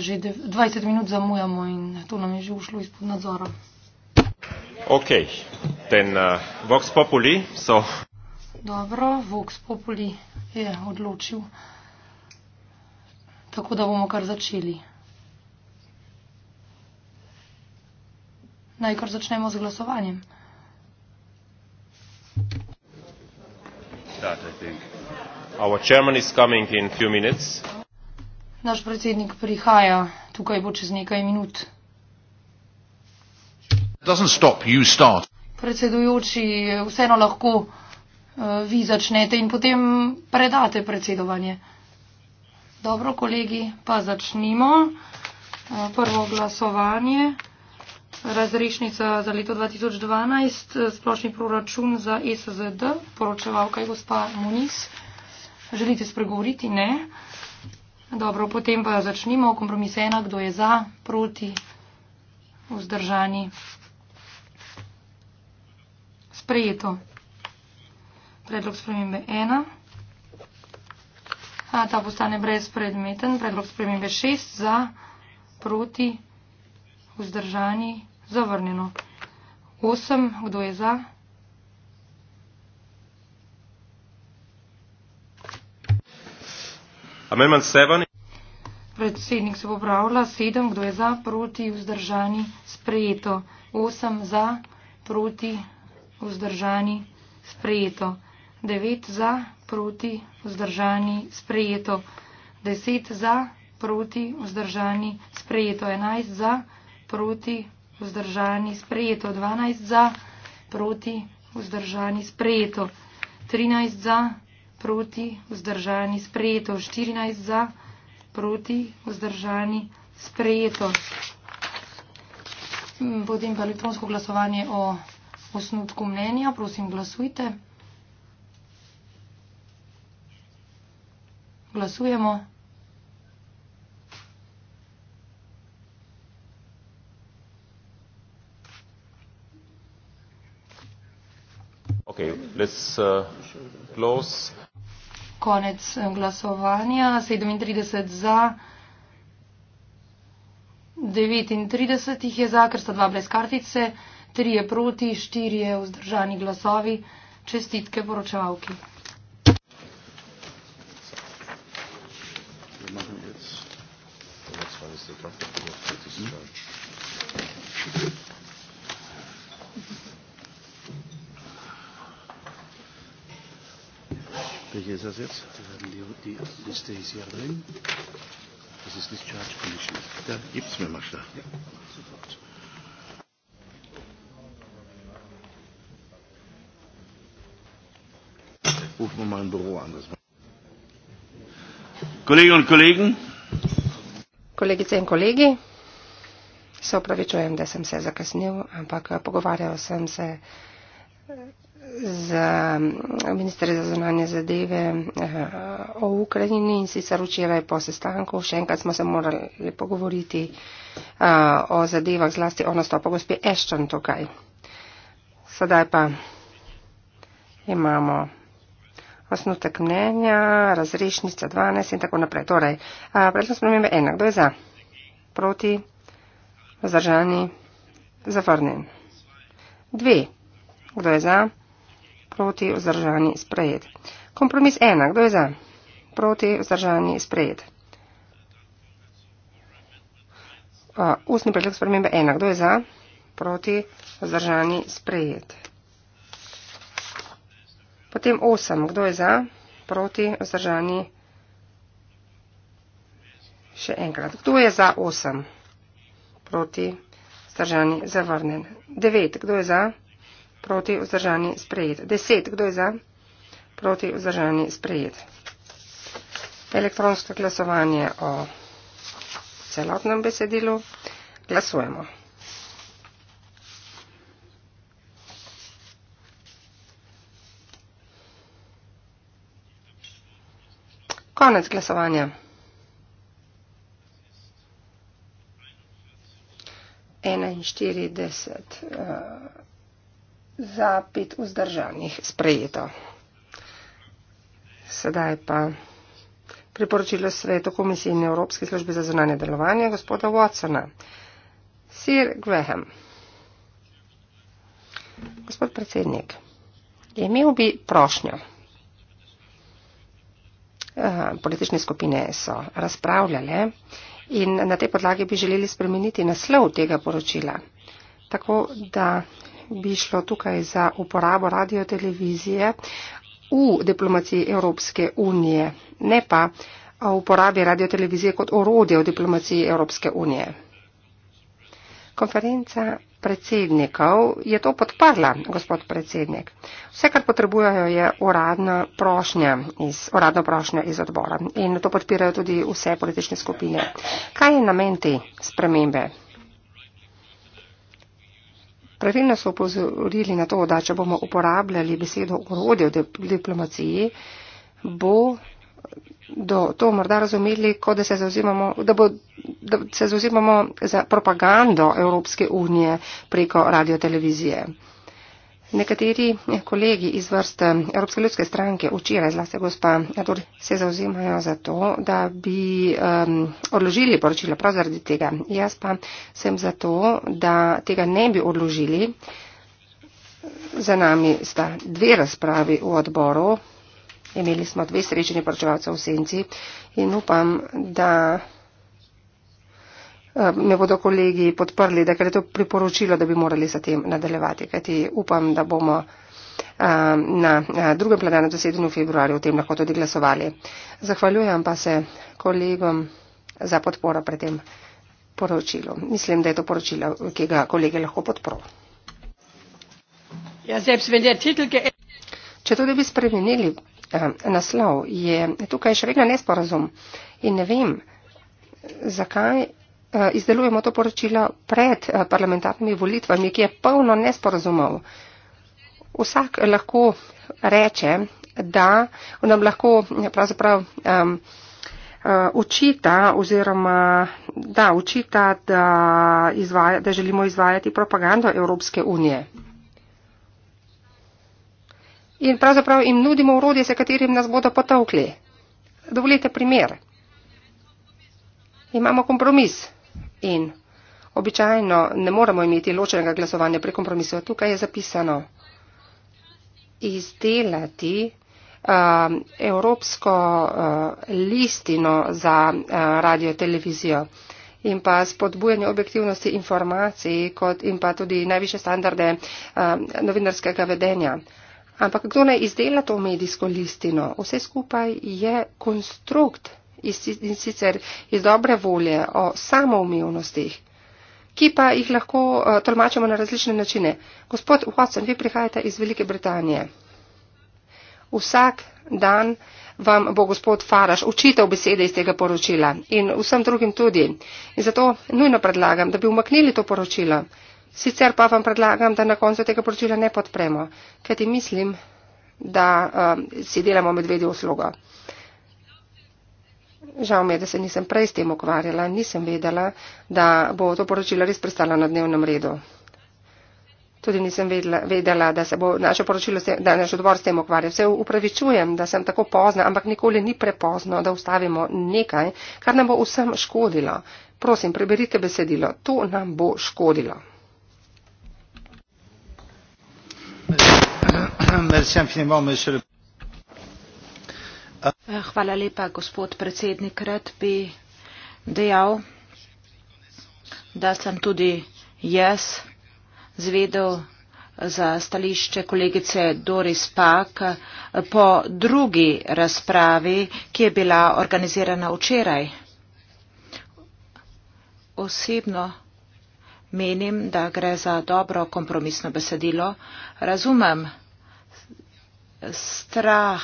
že 20 minut zamujamo in to nam je že ušlo izpod nadzora. Ok, ten uh, Vox Populi so. Dobro, Vox Populi je odločil. Tako da bomo kar začeli. Naj kar začnemo z glasovanjem. Start, I think. Our chairman is coming in few minutes. Naš predsednik prihaja, tukaj bo čez nekaj minut. Stop, Predsedujoči, vseeno lahko uh, vi začnete in potem predate predsedovanje. Dobro, kolegi, pa začnimo. Uh, prvo glasovanje. Razrešnica za leto 2012, eh, splošni proračun za e SZD, poročevalka je gospa Muniz. Želite spregovoriti? Ne. Uh, Dobro, potem pa začnimo. Kompromis ena, kdo je za, proti, vzdržani. Sprejeto. Predlog spremembe ena. A, ta postane brezpredmeten. Predlog spremembe šest za, proti, vzdržani, zavrnjeno. Osem, kdo je za? Amendment 7. Predsednik se popravlja. 7. Kdo je za, proti, vzdržani, sprejeto. 8. Za, proti, vzdržani, sprejeto. 9. Za, proti, vzdržani, sprejeto. 10. Za, proti, vzdržani, sprejeto. 11. Za, proti, vzdržani, sprejeto. 12. Za, proti, vzdržani, sprejeto. 13. Za, proti, vzdržani, sprejeto. 14 za, proti, vzdržani, sprejeto. Mm, potem pa elektronsko glasovanje o osnutku mnenja. Prosim, glasujte. Glasujemo. Okay, let's uh, close konec eh, glasovanja. 37 za, 39 jih je za, ker sta dva brez kartice, 3 je proti, 4 je vzdržani glasovi. Čestitke poročavki. Thank hm? you. Herzlich ist das jetzt. Die, die Liste ist hier drin. Das ist Discharge Commission. Da gibt es mir mal klar. Ja, sofort. Rufen wir mal ein Büro an. Das Kolleginnen und Kollegen. Kolegice in Kollegi. Se opravičujem, da sem se zakasnil, ampak eh, pogovarjal sem se za eh, ministre za zunanje zadeve uh, o Ukrajini in sicer včeraj po sestanku. Še enkrat smo se morali pogovoriti uh, o zadevah, zlasti o nastopu gospe Eščan tukaj. Sedaj pa imamo osnutek mnenja, razrešnica 12 in tako naprej. Torej, uh, predlog spremembe ena. Kdo je za? Proti? Zdržani? Zavrnjen? Dve. Kdo je za? proti vzdržani sprejet. Kompromis ena, kdo je za? Proti vzdržani sprejet. Uh, ustni predlog spremembe ena, kdo je za? Proti vzdržani sprejet. Potem osem, kdo je za? Proti vzdržani. Še enkrat, kdo je za 8? Proti, zdržani, zavrnen. 9, kdo je za? Proti vzdržani sprejet. Deset. Kdo je za? Proti vzdržani sprejet. Elektronsko glasovanje o celotnem besedilu. Glasujemo. Konec glasovanja. 41 za pet vzdržanih sprejeto. Sedaj pa priporočilo svetu Komisije in Evropske službe za zunanje delovanje gospoda Watsona. Sir Graham. Gospod predsednik, imel bi prošnjo. Politične skupine so razpravljale in na tej podlagi bi želeli spremeniti naslov tega poročila, tako da bi šlo tukaj za uporabo radiotelevizije v diplomaciji Evropske unije, ne pa o uporabi radiotelevizije kot orodje v diplomaciji Evropske unije. Konferenca predsednikov je to podprla, gospod predsednik. Vse, kar potrebujejo, je uradna prošnja iz, uradna prošnja iz odbora in to podpirajo tudi vse politične skupine. Kaj je namen te spremembe? Pravilno so upozorili na to, da če bomo uporabljali besedo urodje v diplomaciji, bo do to morda razumeli, ko da se zauzimamo, da bo, da se zauzimamo za propagando Evropske unije preko radiotelevizije. Nekateri kolegi iz vrst Evropske ljudske stranke včeraj, zlasti gospa, se zauzimajo za to, da bi um, odložili poročilo prav zaradi tega. Jaz pa sem za to, da tega ne bi odložili. Za nami sta dve razpravi v odboru. Imeli smo dve srečni poročevalce v senci in upam, da Eh, me bodo kolegi podprli, da je to priporočilo, da bi morali sa tem nadaljevati, kajti upam, da bomo eh, na drugem plenarnem zasedanju v februarju o tem lahko tudi glasovali. Zahvaljujem pa se kolegom za podporo pred tem poročilu. Mislim, da je to poročilo, ki ga kolege lahko podprl. Ja, če tudi bi spremenili eh, naslov, je tukaj še vedno nesporazum in ne vem, zakaj Eh, izdelujemo to poročilo pred eh, parlamentarnimi volitvami, ki je polno nesporazumov. Vsak lahko reče, da nam lahko pravzaprav um, učita oziroma da učita, da, izvaja, da želimo izvajati propagando Evropske unije. In pravzaprav jim nudimo urodje, s katerim nas bodo potovkli. Dovolite primer. Imamo kompromis in običajno ne moremo imeti ločenega glasovanja pri kompromisu. Tukaj je zapisano izdelati um, evropsko uh, listino za uh, radio televizijo in pa spodbujanje objektivnosti informacij kot in pa tudi najviše standarde um, novinarskega vedenja. Ampak kdo naj izdela to medijsko listino? Vse skupaj je konstrukt in sicer iz dobre volje o samoumevnostih, ki pa jih lahko eh, tolmačimo na različne načine. Gospod Watson, vi prihajate iz Velike Britanije. Vsak dan vam bo gospod Faraš učitev besede iz tega poročila in vsem drugim tudi. In zato nujno predlagam, da bi umaknili to poročilo. Sicer pa vam predlagam, da na koncu tega poročila ne podpremo, kajti mislim, da um, si delamo medvedjo uslugo. Žal mi je, da se nisem prej s tem ukvarjala, nisem vedela, da bo to poročilo res prestalo na dnevnem redu. Tudi nisem vedela, vedela da se bo naše poročilo, da naš odbor s tem ukvarja. Se upravičujem, da sem tako pozna, ampak nikoli ni prepozno, da ustavimo nekaj, kar nam bo vsem škodilo. Prosim, preberite besedilo. To nam bo škodilo. Merci infiniment, monsieur le Hvala lepa, gospod predsednik. Rad bi dejal, da sem tudi jaz zvedel za stališče kolegice Doris Pak po drugi razpravi, ki je bila organizirana včeraj. Osebno menim, da gre za dobro kompromisno besedilo. Razumem strah,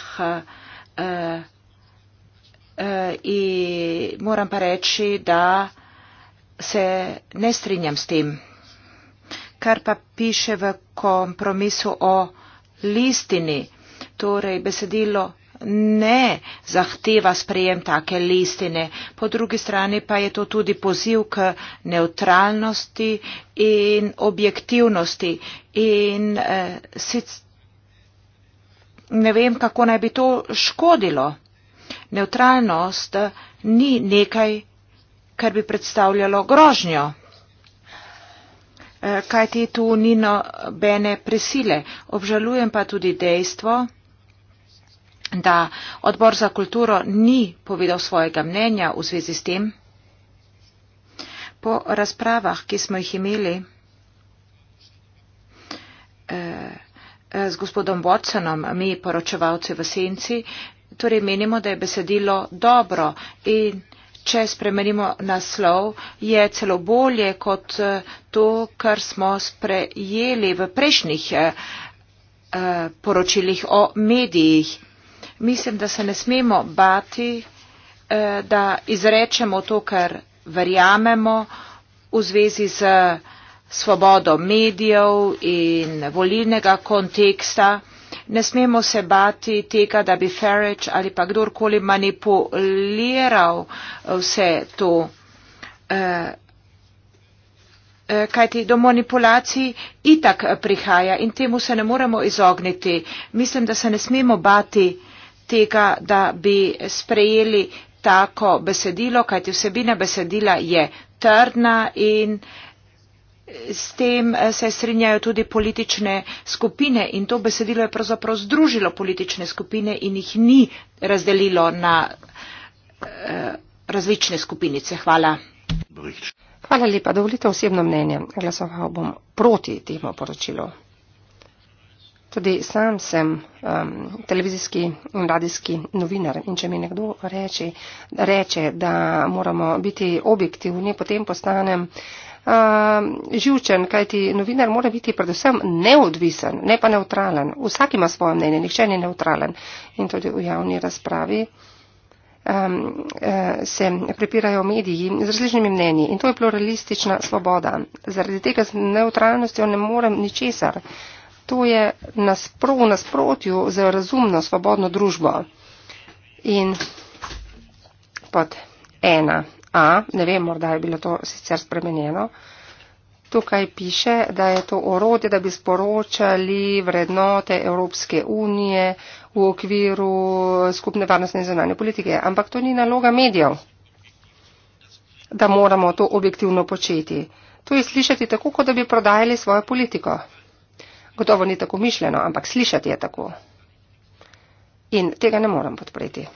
uh, uh, moram pa reči, da se ne strinjam s tem. Kar pa piše v kompromisu o listini, torej besedilo ne zahteva sprejem take listine. Po drugi strani pa je to tudi poziv k neutralnosti in objektivnosti. In, uh, ne vem, kako naj bi to škodilo. Neutralnost eh, ni nekaj, kar bi predstavljalo grožnjo. Eh, Kaj ti tu ni nobene presile? Obžalujem pa tudi dejstvo, da odbor za kulturo ni povedal svojega mnenja v zvezi s tem. Po razpravah, ki smo jih imeli, eh, Eh, z gospodom Watsonom, mi poročevalci v senci, torej menimo, da je besedilo dobro in če spremenimo naslov, je celo bolje kot eh, to, kar smo sprejeli v prejšnjih eh, poročilih o medijih. Mislim, da se ne smemo bati, da izrečemo to, kar verjamemo v zvezi z svobodo medijev in volilnega konteksta. Ne smemo se bati tega, da bi Farage ali pa kdorkoli manipuliral eh, vse to. E, kajti do manipulacij itak prihaja in temu se ne moremo izogniti. Mislim, da se ne smemo bati tega, da bi sprejeli tako besedilo, kajti vsebina besedila je trdna in s tem eh, se strinjajo tudi politične skupine in to besedilo je pravzaprav združilo politične skupine in jih ni razdelilo na eh, različne skupinice. Hvala. Hvala lepa. Dovolite osebno mnenje. Glasoval bom proti temu poročilu. Tudi sam sem um, televizijski in radijski novinar in če mi nekdo reči, reče, da moramo biti objektivni, potem postanem. Uh, Um, živčen, kajti novinar mora biti predvsem neodvisen, ne pa neutralen. Vsak ima svoje mnenje, nihče ni neutralen. In tudi v javni razpravi um, eh, se prepirajo mediji z različnimi mnenji. In to je pluralistična svoboda. Zaradi tega z neutralnostjo ne morem ničesar. To je naspro, v nasprotju z razumno svobodno družbo. In pod ena A, ne vem, morda je bilo to sicer spremenjeno. Tukaj piše, da je to orodje, da bi sporočali vrednote Evropske unije v okviru skupne varnostne in zunanje politike. Ampak to ni naloga medijev, da moramo to objektivno početi. To je slišati tako, kot da bi prodajali svojo politiko. Gotovo ni tako mišljeno, ampak slišati je tako. In tega ne morem podpreti.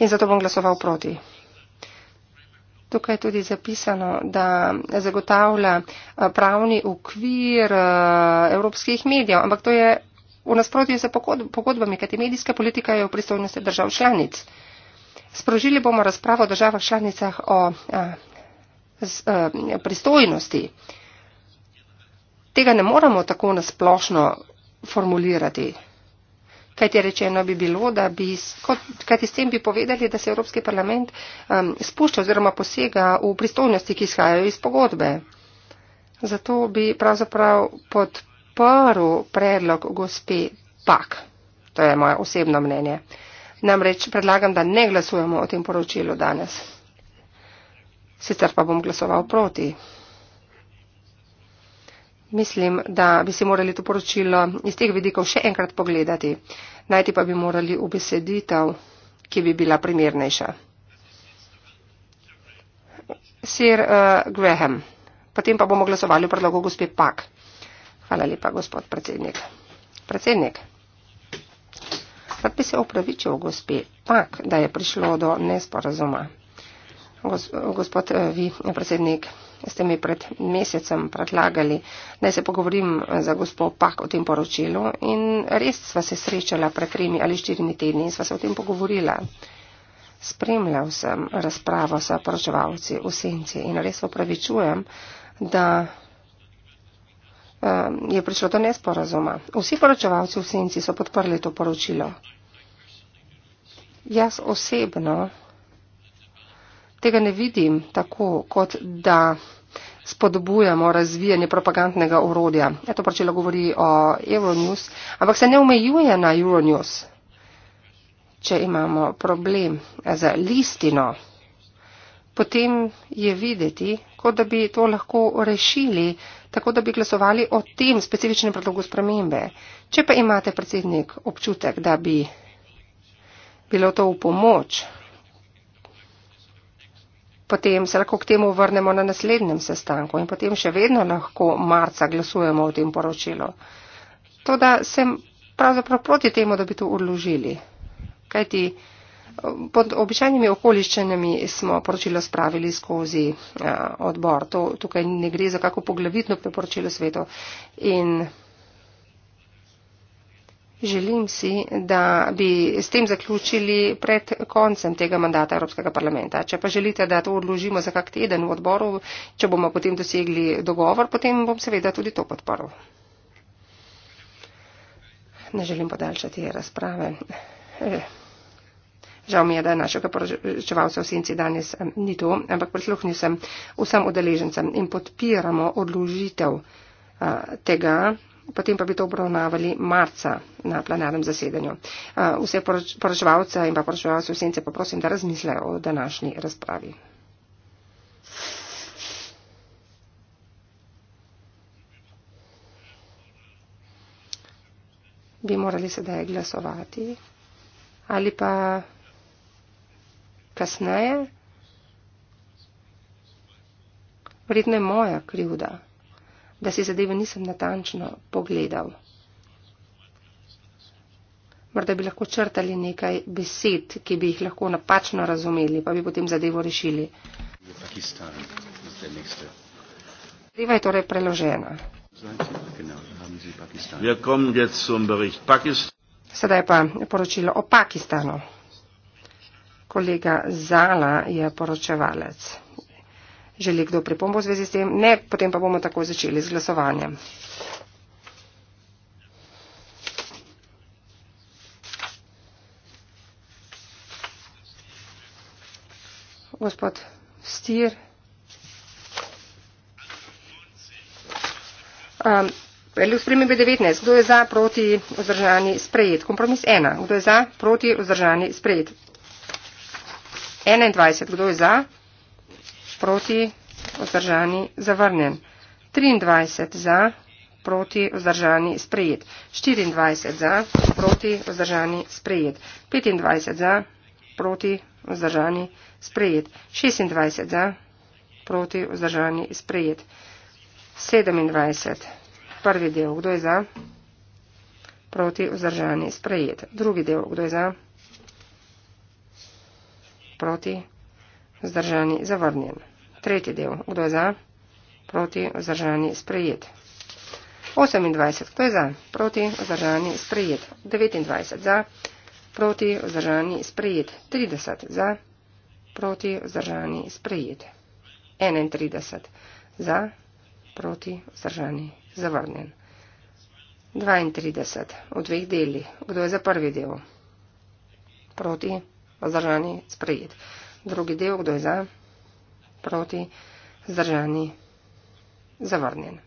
In zato bom glasoval proti. Tukaj je tudi zapisano, da zagotavlja eh, pravni ukvir eh, evropskih medijev, ampak to je v nasprotju z pogodbami, kajti medijska politika je v pristojnosti držav članic. Sprožili bomo razpravo o državah članicah o a, eh, z, a, pristojnosti. Tega ne moramo tako nasplošno formulirati kajti rečeno bi bilo, da bi, kot, kajti s tem bi povedali, da se Evropski parlament um, spušča oziroma posega v pristojnosti, ki izhajajo iz pogodbe. Zato bi pravzaprav podprl predlog gospe Pak. To je moje osebno mnenje. Namreč predlagam, da ne glasujemo o tem poročilu danes. Sicer pa bom glasoval proti. Mislim, da bi si morali to poročilo iz teh vidikov še enkrat pogledati. Najti pa bi morali ubeseditev, ki bi bila primernejša. Sir uh, Graham. Potem pa bomo glasovali v predlogu gospe Pak. Hvala lepa, gospod predsednik. Predsednik. Rad bi se opravičil gospe Pak, da je prišlo do nesporazuma. Gos, gospod uh, vi, predsednik ste mi pred mesecem predlagali, da se pogovorim za gospo Pak o tem poročilu in res sva se srečala pred tremi ali štirimi tedni in sva se o tem pogovorila. Spremljal sem razpravo sa poročevalci v senci in res opravičujem, da ehm, je prišlo do nesporazuma. Vsi poročevalci v senci so podprli to poročilo. Jaz osebno tega ne vidim tako, kot da spodbujamo razvijanje propagandnega urodja. Eto ja, pročelo govori o Euronews, ampak se ne omejuje na Euronews, če imamo problem za listino. Potem je videti, kot da bi to lahko rešili, tako da bi glasovali o tem specifičnem predlogu spremembe. Če pa imate predsednik občutek, da bi bilo to v pomoč, potem se lahko k temu vrnemo na naslednjem sestanku in potem še vedno lahko marca glasujemo o tem poročilu. To, da sem pravzaprav proti temu, da bi to odložili. Kajti pod običajnimi okoliščenami smo poročilo spravili skozi uh, odbor. To, tukaj ne gre za kako poglavitno priporočilo svetu. In Želim si, da bi s tem zaključili pred koncem tega mandata Evropskega parlamenta. Če pa želite, da to odložimo za kak teden v odboru, če bomo potem dosegli dogovor, potem bom seveda tudi to podporil. Ne želim podaljšati razprave. Žal mi je, da našega poročevalca v senci danes ni tu, ampak prisluhnil sem vsem udeležencem in podpiramo odložitev tega potem pa bi to obravnavali marca na plenarnem zasedanju. Vse poraževalce in pa poraževalce v sence poprosim, da razmislejo o današnji razpravi. Bi morali sedaj glasovati ali pa kasneje. Verjetno je moja krivda da si zadeve nisem natančno pogledal. Morda bi lahko črtali nekaj besed, ki bi jih lahko napačno razumeli, pa bi potem zadevo rešili. Zadeva je torej preložena. Sedaj pa poročilo o Pakistanu. Kolega Zala je poročevalec. Želi kdo pripombo v zvezi s tem? Ne, potem pa bomo tako začeli z glasovanjem. Gospod Stir. Um, Predlog spremembe 19. Kdo je za proti vzdržani sprejet? Kompromis 1. Kdo je za proti vzdržani sprejet? 21. Kdo je za? proti, vzdržani, zavrnjen. 23 za, proti, vzdržani, sprejet. 24 za, proti, vzdržani, sprejet. 25 za, proti, vzdržani, sprejet. 26 za, proti, vzdržani, sprejet. 27. Prvi del, kdo je za? Proti, vzdržani, sprejet. Drugi del, kdo je za? Proti, vzdržani, sprejet. Zdržani zavrnjen. Tretji del. Kdo je za? Proti vzdržani sprejet. 28. Kdo je za? Proti vzdržani sprejet. 29. Za. Proti vzdržani sprejet. 30. Za. Proti vzdržani sprejet. 31. Za. Proti vzdržani zavrnjen. 32. V dveh delih. Kdo je za prvi del? Proti vzdržani sprejet drugi del, kdo je za, proti, zdržani, zavrnjen.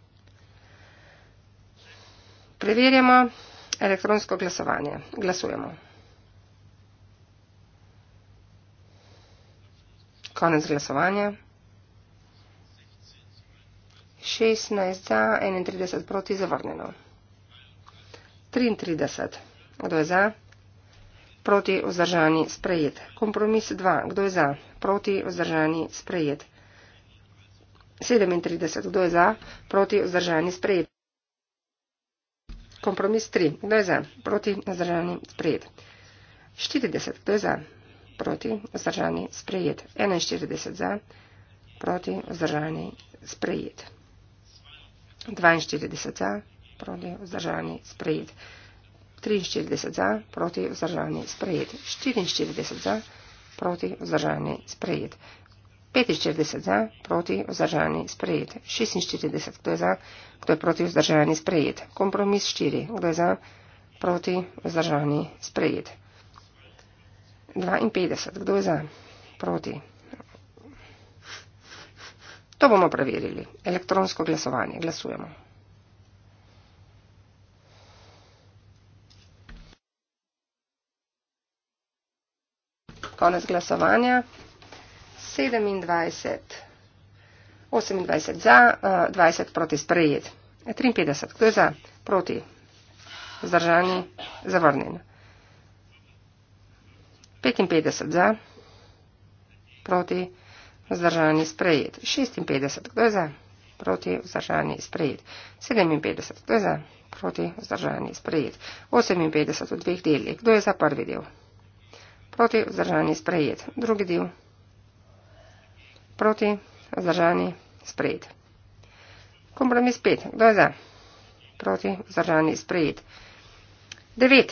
Preverjamo elektronsko glasovanje. Glasujemo. Konec glasovanja. 16 za, 31 proti, zavrnjeno. 33. Kdo je za? Proti vzdržani sprejet. Kompromis 2. Kdo je za? Proti vzdržani sprejet. 37. Kdo je za? Proti vzdržani sprejet. Kompromis 3. Kdo je za? Proti vzdržani sprejet. 40. Kdo je za? Proti vzdržani sprejet. 41. Za. Proti vzdržani sprejet. 42. Za. Proti vzdržani sprejet. 43 za, proti vzdržani sprejet. 44 za, proti vzdržani sprejet. 45 za, proti vzdržani sprejet. 46, kdo je za, kdo je proti vzdržani sprejet. Kompromis 4, kdo je za, proti vzdržani sprejet. 52, kdo je za, proti. To bomo preverili. Elektronsko glasovanje. Glasujemo. konec glasovanja. 27, 28 za, 20 eh, proti sprejet. 53, kdo je za, proti, zdržani, zavrnjen. 55 za, proti, zdržani, sprejet. 56, kdo je za, proti, zdržani, sprejet. 57, kdo je za, proti, zdržani, sprejet. 58 v dveh delih, kdo je za prvi del. Proti vzdržani sprejet. Drugi del. Proti vzdržani sprejet. Kompromis 5. Kdo je za? Proti vzdržani sprejet. 9.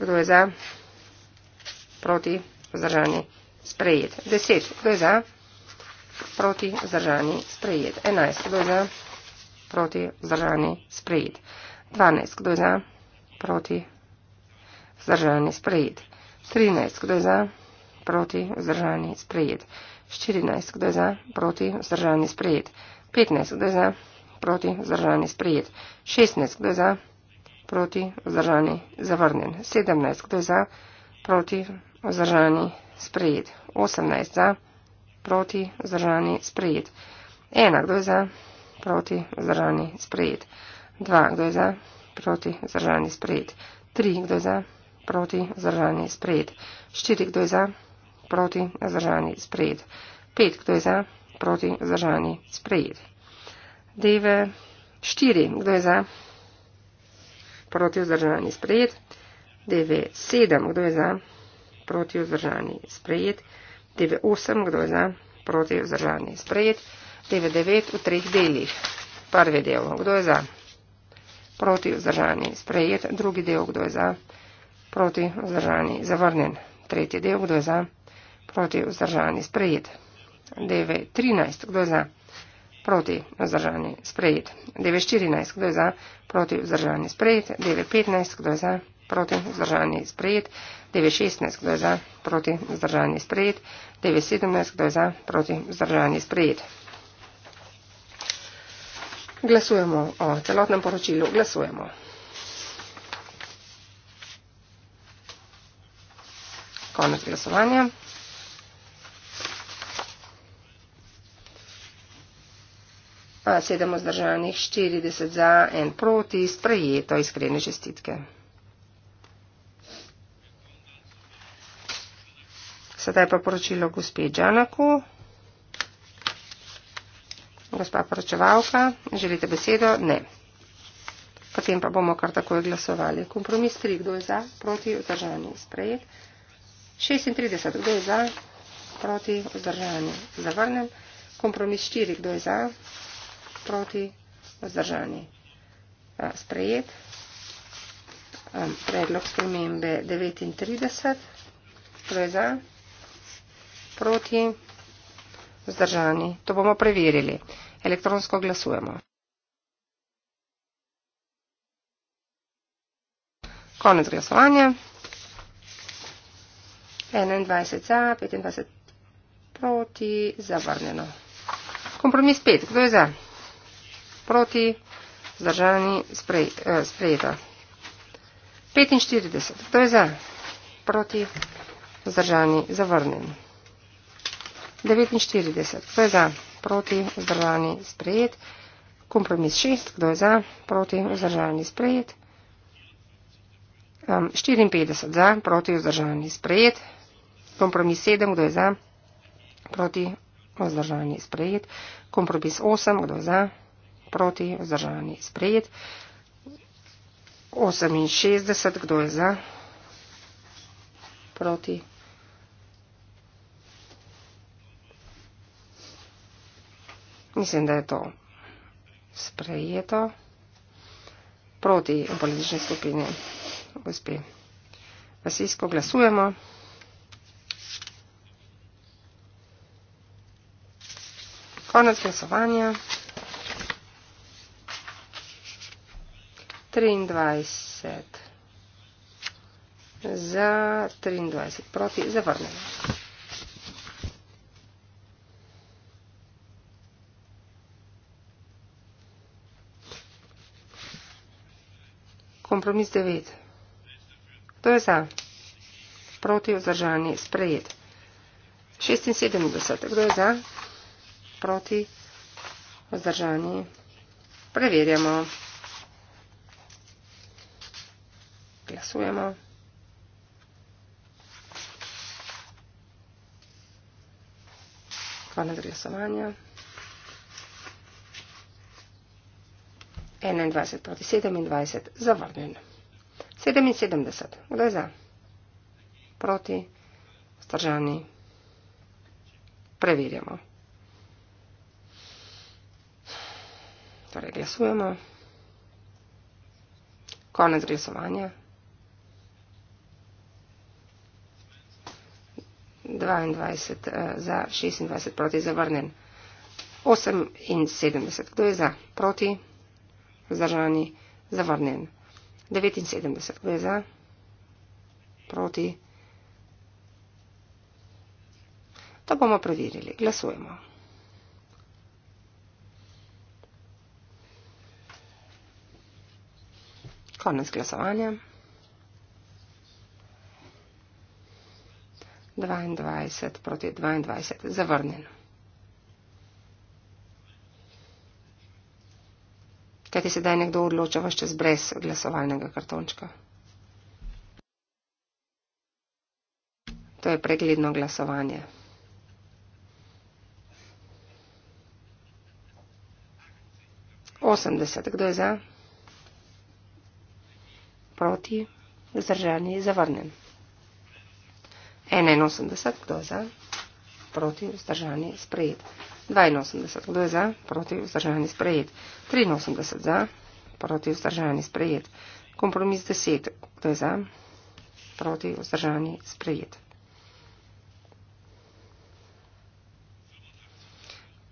Kdo je za? Proti vzdržani sprejet. 10. Kdo je za? Proti vzdržani sprejet. 11. Kdo je za? Proti vzdržani sprejet. 12. Kdo je za? Proti vzdržani sprejet. 13. 13, kdo je za, proti, vzdržani, sprejet. 14, kdo je za, proti, vzdržani, sprejet. 15, kdo je za, proti, vzdržani, sprejet. 16, kdo je za, proti, vzdržani, zavrnjen. 17, kdo je za, proti, vzdržani, sprejet. 18, za, proti, vzdržani, sprejet. 1, kdo je za, proti, vzdržani, sprejet. 2, kdo je za, proti, vzdržani, sprejet. 3, kdo je za, proti, vzdržani, sprejet proti, zdržani, sprejet. 4, kdo je za, proti, zdržani, sprejet. 5, kdo je za, proti, zdržani, sprejet. 9, 4, kdo je za, proti, zdržani, sprejet. 9, 7, kdo je za, proti, zdržani, sprejet. 9, 8, kdo je za, proti, zdržani, sprejet. 9, 9 v treh delih. Prvi del, kdo je za, proti, zdržani, sprejet. Drugi del, kdo je za, proti, zdržani, sprejet proti vzdržani zavrnjen. Tretji del, kdo je za, proti vzdržani sprejet. DV 13, kdo je za, proti vzdržani sprejet. DV 14, kdo je za, proti vzdržani sprejet. DV 15, kdo je za, proti vzdržani sprejet. DV 16, kdo je za, proti vzdržani sprejet. DV 17, kdo je za, proti vzdržani sprejet. Glasujemo o celotnem poročilu. Glasujemo. konec glasovanja. A, sedem vzdržanih, 40 za, en proti, sprejeto, iskrene čestitke. Sedaj pa poročilo gospe Džanaku. Gospa poročevalka, želite besedo? Ne. Potem pa bomo kar takoj glasovali. Kompromis 3, kdo je za, proti, vzdržanih, sprejeto. 36, kdo je za, proti, vzdržanje, zavrnem. Kompromis 4, kdo je za, proti, vzdržanje, sprejet. Predlog spremembe 39, kdo je za, proti, vzdržanje. To bomo preverili. Elektronsko glasujemo. Konec glasovanja. 21 za, 25 proti, zavrnjeno. Kompromis 5. Kdo je za? Proti, zdržani, eh, sprejeto. 45. Kdo je za? Proti, zdržani, zavrnjen. 49. Kdo je za? Proti, zdržani, sprejet. Kompromis 6. Kdo je za? Proti, zdržani, sprejet. 54 ehm, za, proti, vzdržani, sprejet, Kompromis 7, kdo je za? Proti, vzdržani, sprejet. Kompromis 8, kdo je za? Proti, vzdržani, sprejet. 68, kdo je za? Proti. Mislim, da je to sprejeto. Proti politične skupine. Gospe Vasijsko glasujemo. koniec głosowania. 23 za, 23 proti, zawarnęło. Kompromis 9. To je za. Proti, vzdržani, sprejet. 76. Kdo je za? proti vzdržani. Preverjamo. Glasujemo. Konec glasovanja. 21 proti 27, zavrnjen. 77, kdo je za? Proti, vzdržani. Preverjamo. Torej, rjasujemo. Konec rjasovanja. 22 eh, za, 26 proti, zavrnen. 78, kdo je za, proti, vzdržani, zavrnen. 79, kdo je za, proti. To bomo preverili. Glasujemo. Konec glasovanja. 22 proti 22. Zavrnjen. Kaj ti sedaj nekdo odloča vas čez brez glasovalnega kartončka? To je pregledno glasovanje. Osemdeset, kdo je za? proti, zdržani, zavrnjen. 81, kdo je za, proti, zdržani, sprejet. 82, kdo je za, proti, vzdržani, sprejet. 83, za, proti, vzdržani, sprejet. Kompromis 10, kdo je za, proti, vzdržani, sprejet.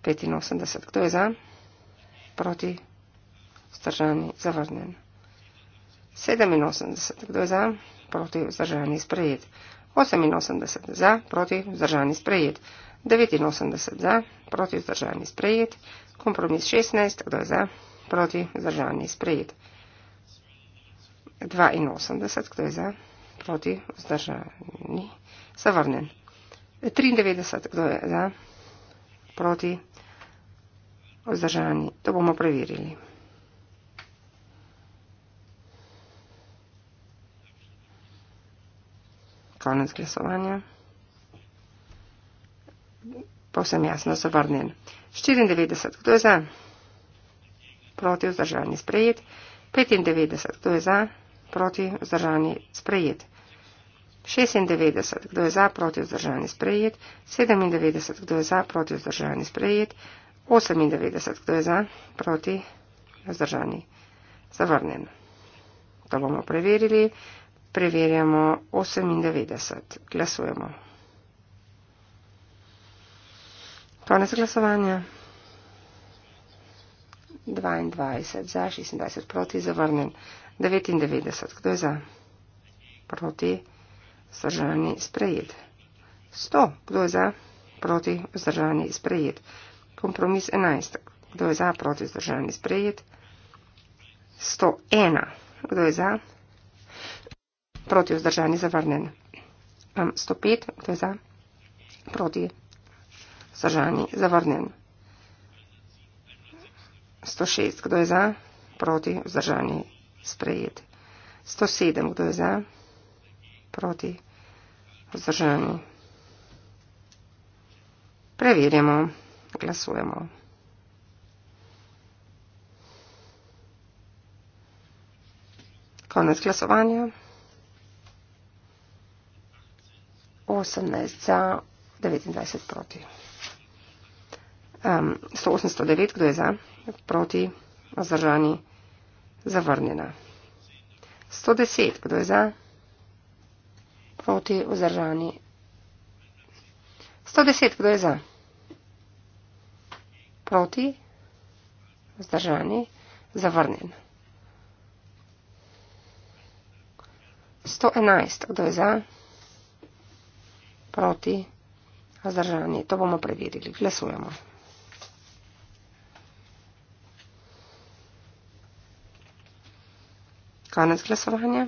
85, kdo je za, proti, vzdržani, zavrnjen. 87, kdo je za, proti vzdržani sprejet. 88 za, proti vzdržani sprejet. 89 za, proti vzdržani sprejet. Kompromis 16, kdo je za, proti vzdržani sprejet. 82, kdo je za, proti vzdržani, zavrnen. 93, kdo je za, proti vzdržani, to bomo preverili. Konec glasovanja. Povsem jasno zavrnjen. 94. Kdo je za? Proti vzdržani sprejet. 95. Kdo je za? Proti vzdržani sprejet. 96. Kdo je za? Proti vzdržani sprejet. 97. Kdo je za? Proti vzdržani sprejet. 98. Kdo je za? Proti vzdržani. Zavrnjen. To bomo preverili. Preverjamo 98. Glasujemo. Konec glasovanja. 22 za, 26 proti, zavrnen. 99. Kdo je za? Proti. Zdržani sprejet. 100. Kdo je za? Proti. Zdržani sprejet. Kompromis 11. Kdo je za? Proti. Zdržani sprejet. 101. Kdo je za? proti vzdržan je zavrnjen. 105, to je za, proti vzdržan je zavrnjen. 106, kdo je za, proti vzdržan je sprejet. 107, kdo je za, proti vzdržan je. Preverjamo, glasujemo. Konec glasovanja. 18 za 29 proti. Um, 189, kdo je za, proti, vzdržani, zavrnjena. 110, kdo je za, proti, vzdržani. 110, kdo je za, proti, vzdržani, zavrnjen. 111, kdo je za proti, zdržani. To bomo preverili. Glasujemo. Konec glasovanja.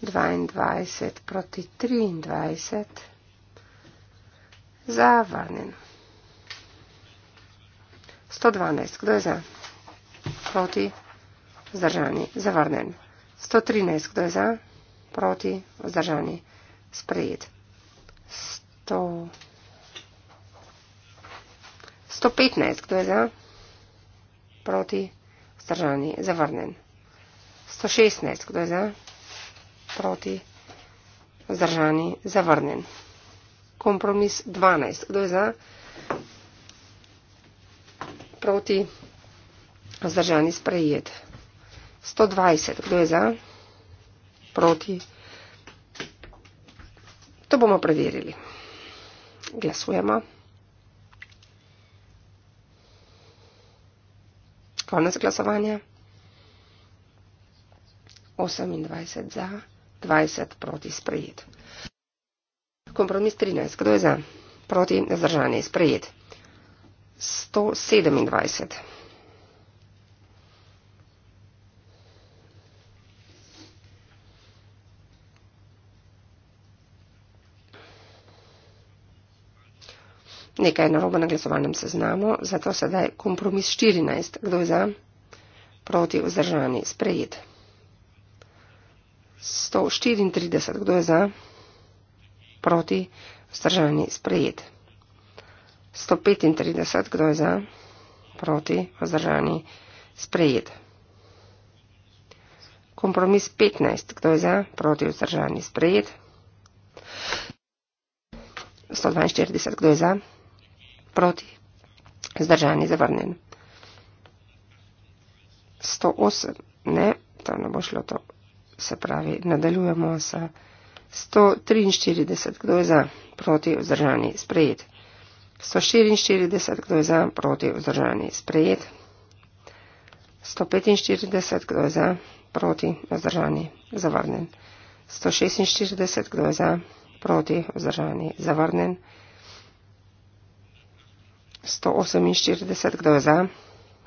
22 proti 23. Zavrnjen. 112. Kdo je za? Proti. Zdržani. Zavrnjen. 113. Kdo je za? Proti. Zdržani sprejet. 100. 115, kdo je za? Proti, stržani, zavrnen. 116, kdo je za? Proti, zdržani, zavrnen. Kompromis 12, kdo je za? Proti, zdržani, sprejet. 120, kdo je za? Proti, zdržani, sprejet. To bomo preverili. Glasujemo. Konec glasovanja. 28 za, 20 proti sprejet. Kompromis 13. Kdo je za? Proti zdržanje sprejet. 127. Nekaj je narobe na glasovalnem seznamu, zato sedaj kompromis 14. Kdo je za? Proti vzdržani. Sprejet. 134. Kdo je za? Proti vzdržani. Sprejet. 135. Kdo je za? Proti vzdržani. Sprejet. Kompromis 15. Kdo je za? Proti vzdržani. Sprejet. 142. Kdo je za? proti. Zdržani zavrnjen. 108. Ne, tam ne bo šlo to. Se pravi, nadaljujemo sa 143. Kdo je za? Proti vzdržani sprejet. 144. Kdo je za? Proti vzdržani sprejet. 145. Kdo je za? Proti vzdržani zavrnjen. 146. Kdo je za? Proti vzdržani zavrnjen. 148, kdo je za,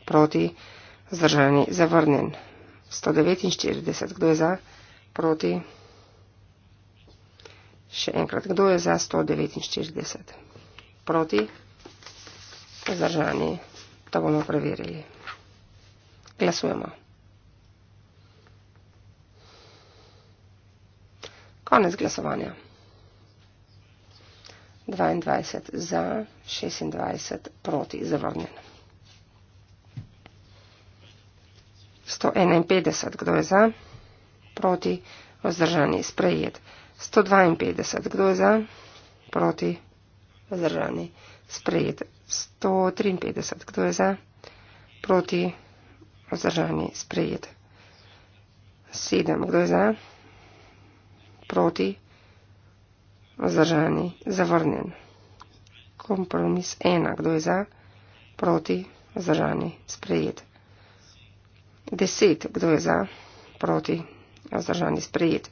proti, zdržani, zavrnjen. 149, kdo je za, proti, še enkrat, kdo je za, 149, proti, zdržani, to bomo preverili. Glasujemo. Konec glasovanja. 22 za, 26 proti, zavrnjen. 151, kdo je za, proti, vzdržani, sprejet. 152, kdo je za, proti, vzdržani, sprejet. 153, kdo je za, proti, vzdržani, sprejet. 7, kdo je za, proti, vzdržani. Vzdržani, zavrnjen. Kompromis ena, kdo je za, proti, vzdržani, sprejet. Deset, kdo je za, proti, vzdržani, sprejet.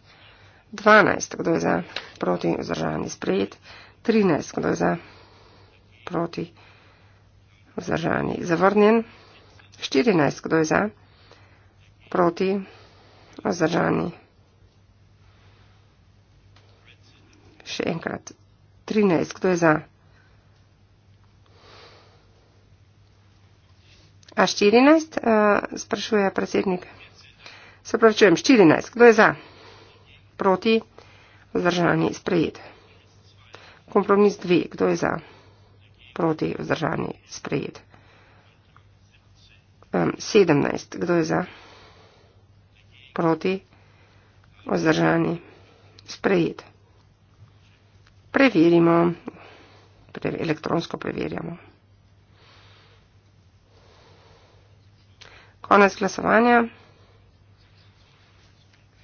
Dvanajst, kdo je za, proti, vzdržani, sprejet. Trinajst, kdo je za, proti, vzdržani, zavrnjen. Štirinajst, kdo je za, proti, vzdržani, sprejet. Še enkrat. 13. Kdo je za? A 14? Uh, eh, sprašuje predsednik. Se pravčujem. 14. Kdo je za? Proti. Vzdržani. Sprejet. Kompromis 2. Kdo je za? Proti. Vzdržani. Sprejet. Um, 17. Kdo je za? Proti. Vzdržani. Sprejet preverimo, pre, elektronsko preverjamo. Konec glasovanja.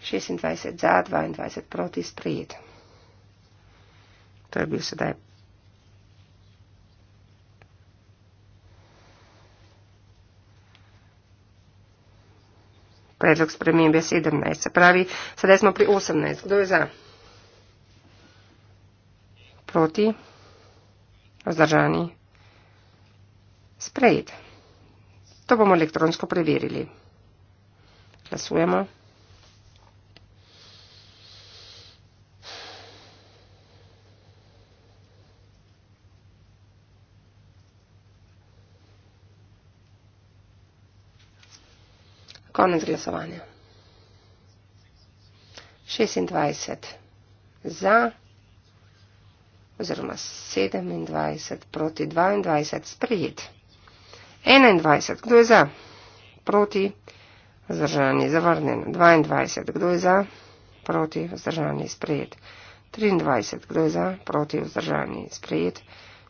26 za, 22 proti, sprejet. To je bil sedaj. Predlog spremembe 17, se pravi, sedaj smo pri 18. Kdo je za? proti, vzdržani, sprejet. To bomo elektronsko preverili. Glasujemo. Konec glasovanja. 26 za oziroma 27 proti 22 sprejet. 21. Kdo je za? Proti. Zdržanje zavrnjeno. 22. Kdo je za? Proti. Zdržanje sprejet. 23. Kdo je za? Proti. Zdržanje sprejet.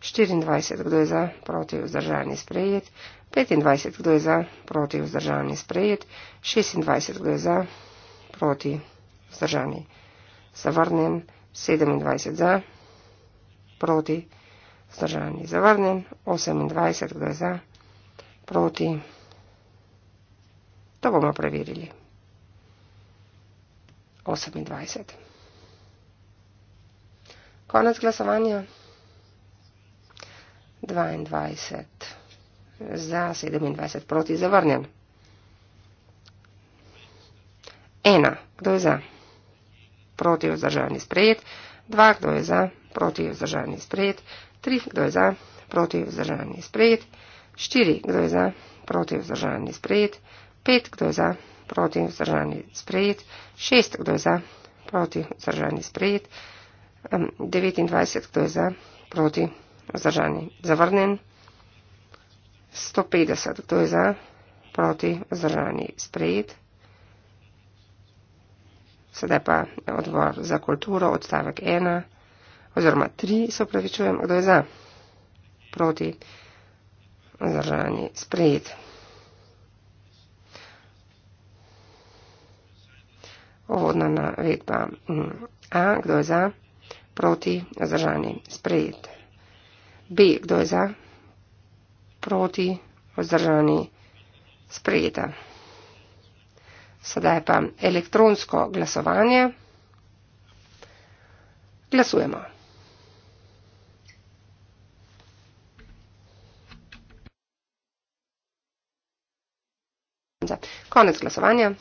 24. Kdo je za? Proti. Zdržanje sprejet. 25. Kdo je za? Proti. Zdržanje sprejet. 26. Kdo je za? Proti. Zdržanje zavrnjen. 27. Za proti, zdržani zavrnjen, 28, kdo je za, proti, to bomo preverili, 28. Konec glasovanja, 22 za, 27 proti, zavrnjen. Ena, kdo je za? Proti, vzdržani, sprejet. Dva, kdo je za? proti vzdržani sprejet, 3, kdo je za, proti vzdržani sprejet, 4, kdo je za, proti vzdržani sprejet, 5, kdo je za, proti vzdržani sprejet, 6, kdo je za, proti vzdržani sprejet, 29, kdo je za, proti vzdržani zavrnen, 150, kdo je za, proti vzdržani sprejet. Sedaj pa odbor za kulturo, odstavek 1 oziroma tri, se upravičujem, kdo je za, proti, zdržani, sprejet. Ovodna navedba mm, A, kdo je za, proti, zdržani, sprejet. B, kdo je za, proti, zdržani, sprejeta. Sedaj pa elektronsko glasovanje. Glasujemo. Konec glasovanja.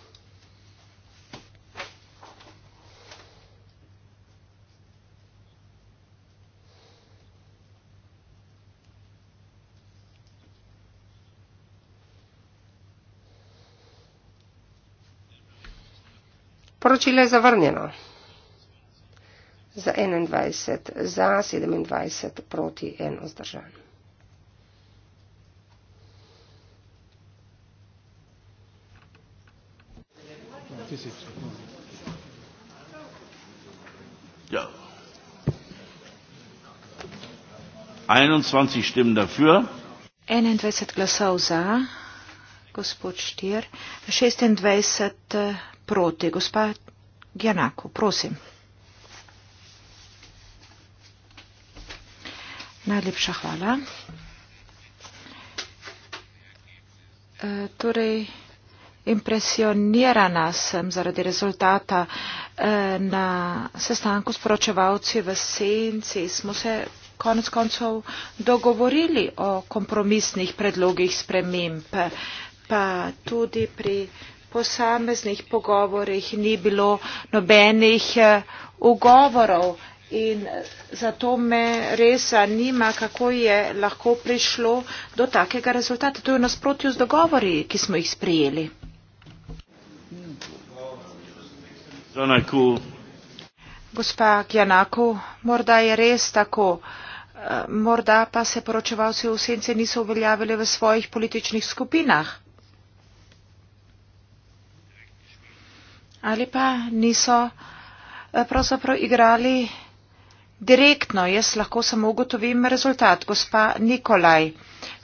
Poročilo je zavrnjeno. Za 21, za 27, proti 1 vzdržanju. Cicic. Ja. 21 Stimmen dafür. 21 glasov za, gospod Štir, 26 eh, proti, gospa Gjanako, prosim. Najlepša hvala. E, torej, Impresionirana sem zaradi rezultata eh, na sestanku s poročevalci v senci. Smo se konec koncev dogovorili o kompromisnih predlogih sprememb, pa tudi pri posameznih pogovorih ni bilo nobenih eh, ugovorov. In eh, zato me res zanima, kako je lahko prišlo do takega rezultata. To je v nasprotju z dogovori, ki smo jih sprijeli. gospa kjanaku morda je res tako eh, morda pa se poročevalci v sence niso uveljavili v svojih političnih skupinah ali pa niso eh, pravzaprav igrali direktno jaz lahko samo ugotovim rezultat gospa nikolaj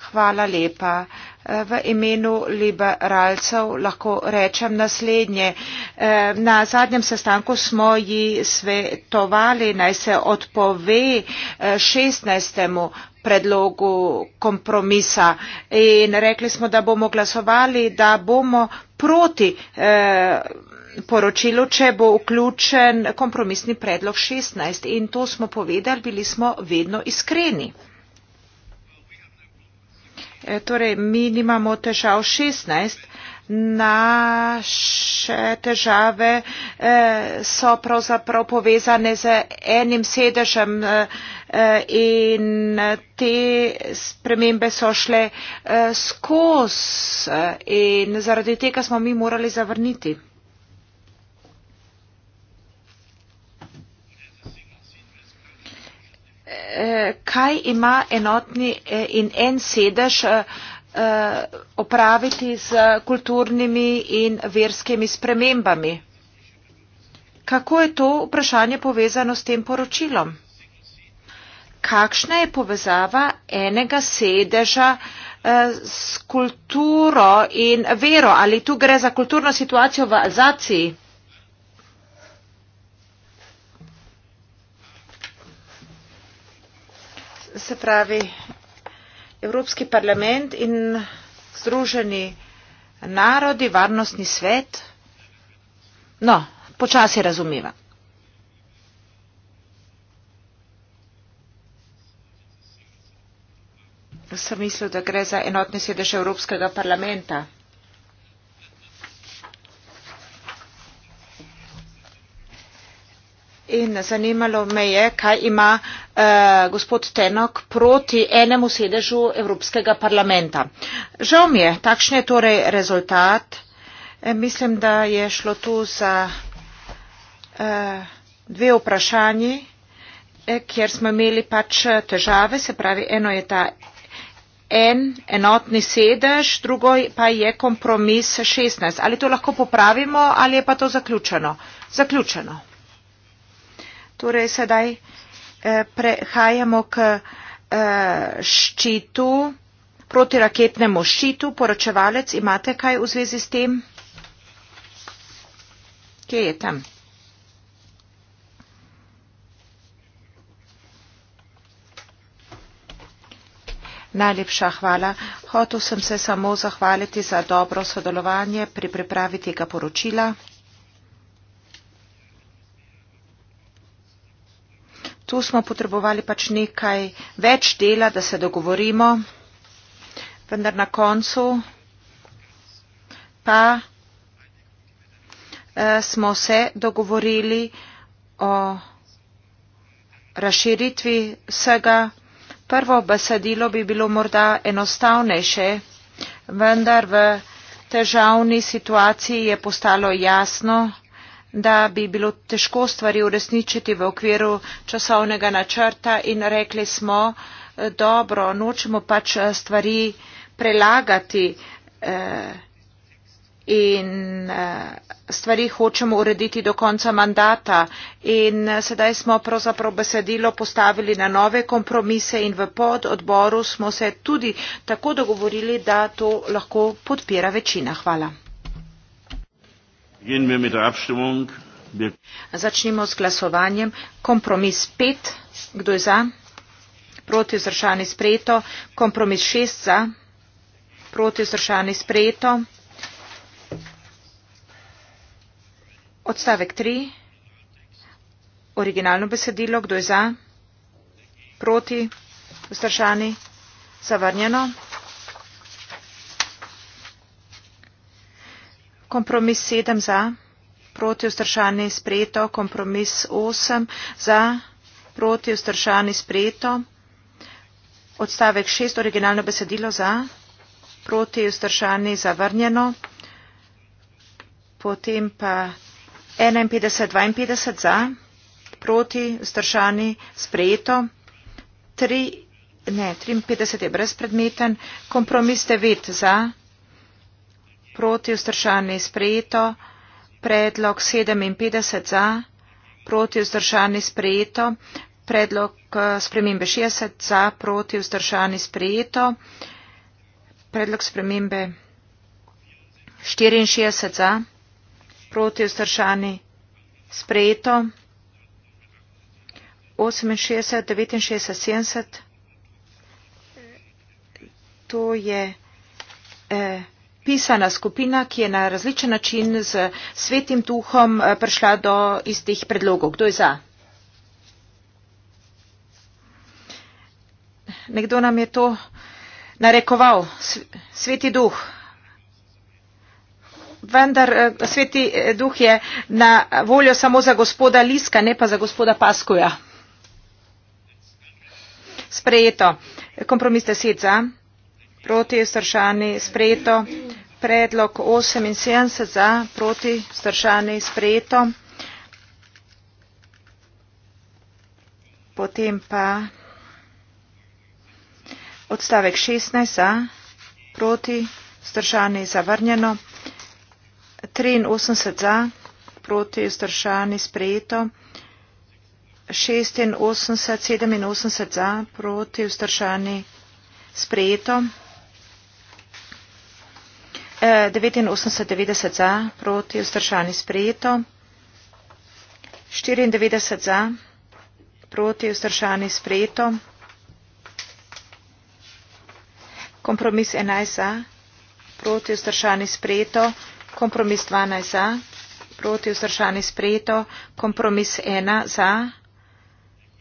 hvala lepa Eh, v imenu liberalcev lahko rečem naslednje. Eh, na zadnjem sestanku smo ji svetovali naj se odpove 16 eh, predlogu kompromisa in rekli smo, da bomo glasovali, da bomo proti eh, poročilu, če bo vključen kompromisni predlog 16. In to smo povedali, bili smo vedno iskreni. E, torej, mi nimamo težav 16. Naše težave eh, so pravzaprav povezane z enim sedežem eh, in te spremembe so šle eh, skozi e, in zaradi tega smo mi morali zavrniti. Eh, kaj ima enotni eh, in en sedež eh, opraviti z kulturnimi in verskimi spremembami? Kako je to vprašanje povezano s tem poročilom? Kakšna je povezava enega sedeža s kulturo in vero? Ali tu gre za kulturno situacijo v Alzaciji? se pravi Evropski parlament in Združeni narodi, varnostni svet. No, počasi razumiva. Sem mislil, da gre za enotni sedež Evropskega parlamenta. in zanimalo me je, kaj ima uh, gospod Tenok proti enemu sedežu Evropskega parlamenta. Žal mi je, takšen je torej rezultat. E, mislim, da je šlo tu za uh, dve vprašanji, eh, kjer smo imeli pač eh, težave. Se pravi, eno je ta en enotni sedež, drugo pa je kompromis 16. Ali to lahko popravimo ali je pa to zaključeno? Zaključeno. Torej, sedaj eh, prehajamo k eh, ščitu, protiraketnemu ščitu. Poročevalec, imate kaj v zvezi s tem? Kje je tam? Najlepša hvala. Hotel sem se samo zahvaliti za dobro sodelovanje pri pripravi tega poročila. tu smo potrebovali pač nekaj več dela, da se dogovorimo, vendar na koncu pa eh, smo se dogovorili o razširitvi vsega. Prvo besedilo bi bilo morda enostavnejše, vendar v težavni situaciji je postalo jasno, da bi bilo težko stvari uresničiti v okviru časovnega načrta in rekli smo, eh, dobro, nočemo pač eh, stvari prelagati eh, in stvari hočemo urediti do konca mandata in sedaj smo pravzaprav besedilo postavili na nove kompromise in v pododboru smo se tudi tako dogovorili, da to lahko podpira večina. Hvala. Začnimo z glasovanjem. Kompromis 5. Kdo je za? Proti vzdržani sprejeto. Kompromis 6 za. Proti vzdržani sprejeto. Odstavek 3. Originalno besedilo. Kdo je za? Proti vzdržani. Zavrnjeno. kompromis 7 za, proti vzdržani sprejeto, kompromis 8 za, proti vzdržani sprejeto, odstavek 6 originalno besedilo za, proti vzdržani zavrnjeno, potem pa 51-52 za, proti vzdržani sprejeto, 3, ne, 53 je brezpredmeten, kompromis 9 za, proti vzdržani sprejeto, predlog 57 eh, za, proti vzdržani sprejeto, predlog spremembe 60 za, proti vzdržani sprejeto, predlog spremembe 64 za, proti vzdržani sprejeto, 68, 69, 70, to je eh, pisana skupina, ki je na različen način z svetim duhom eh, prišla do istih predlogov. Kdo je za? Nekdo nam je to narekoval, sveti duh. Vendar eh, sveti eh, duh je na voljo samo za gospoda Liska, ne pa za gospoda Paskuja. Sprejeto. Kompromis 10 za, proti, vzdržani, sprejeto predlog oseminsedemdeset za proti vzdržani sprejeto potem pa odstavek šestnajst za proti vzdržani zavrnjeno triinosemdeset za proti vzdržani sprejeto šestinosemdeset sedeminosemdeset za proti vzdržani sprejeto devetinosemdeset devetdeset za proti vzdržani sprejeto štiriindevetdeset za proti vzdržani sprejeto kompromis enajst za proti vzdržani sprejeto kompromis dvanajst za proti vzdržani sprejeto kompromis ena za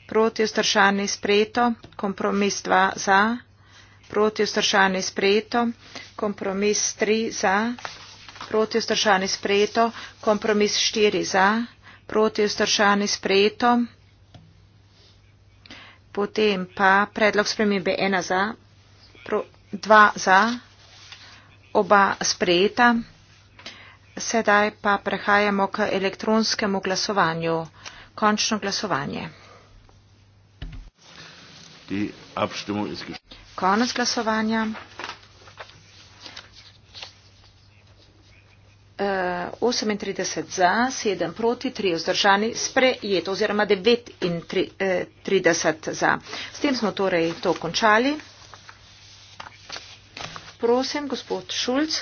proti vzdržani sprejeto kompromis dva za proti vzdržani sprejeto, kompromis 3 za, proti vzdržani sprejeto, kompromis 4 za, proti vzdržani sprejeto, potem pa predlog spremembe 1 za, 2 za, oba sprejeta. Sedaj pa prehajamo k elektronskemu glasovanju. Končno glasovanje. Konec glasovanja. E, eh, 38 za, 7 proti, 3 vzdržani, sprejeto oziroma 39 e, za. S tem smo torej to končali. Prosim, gospod Šulc,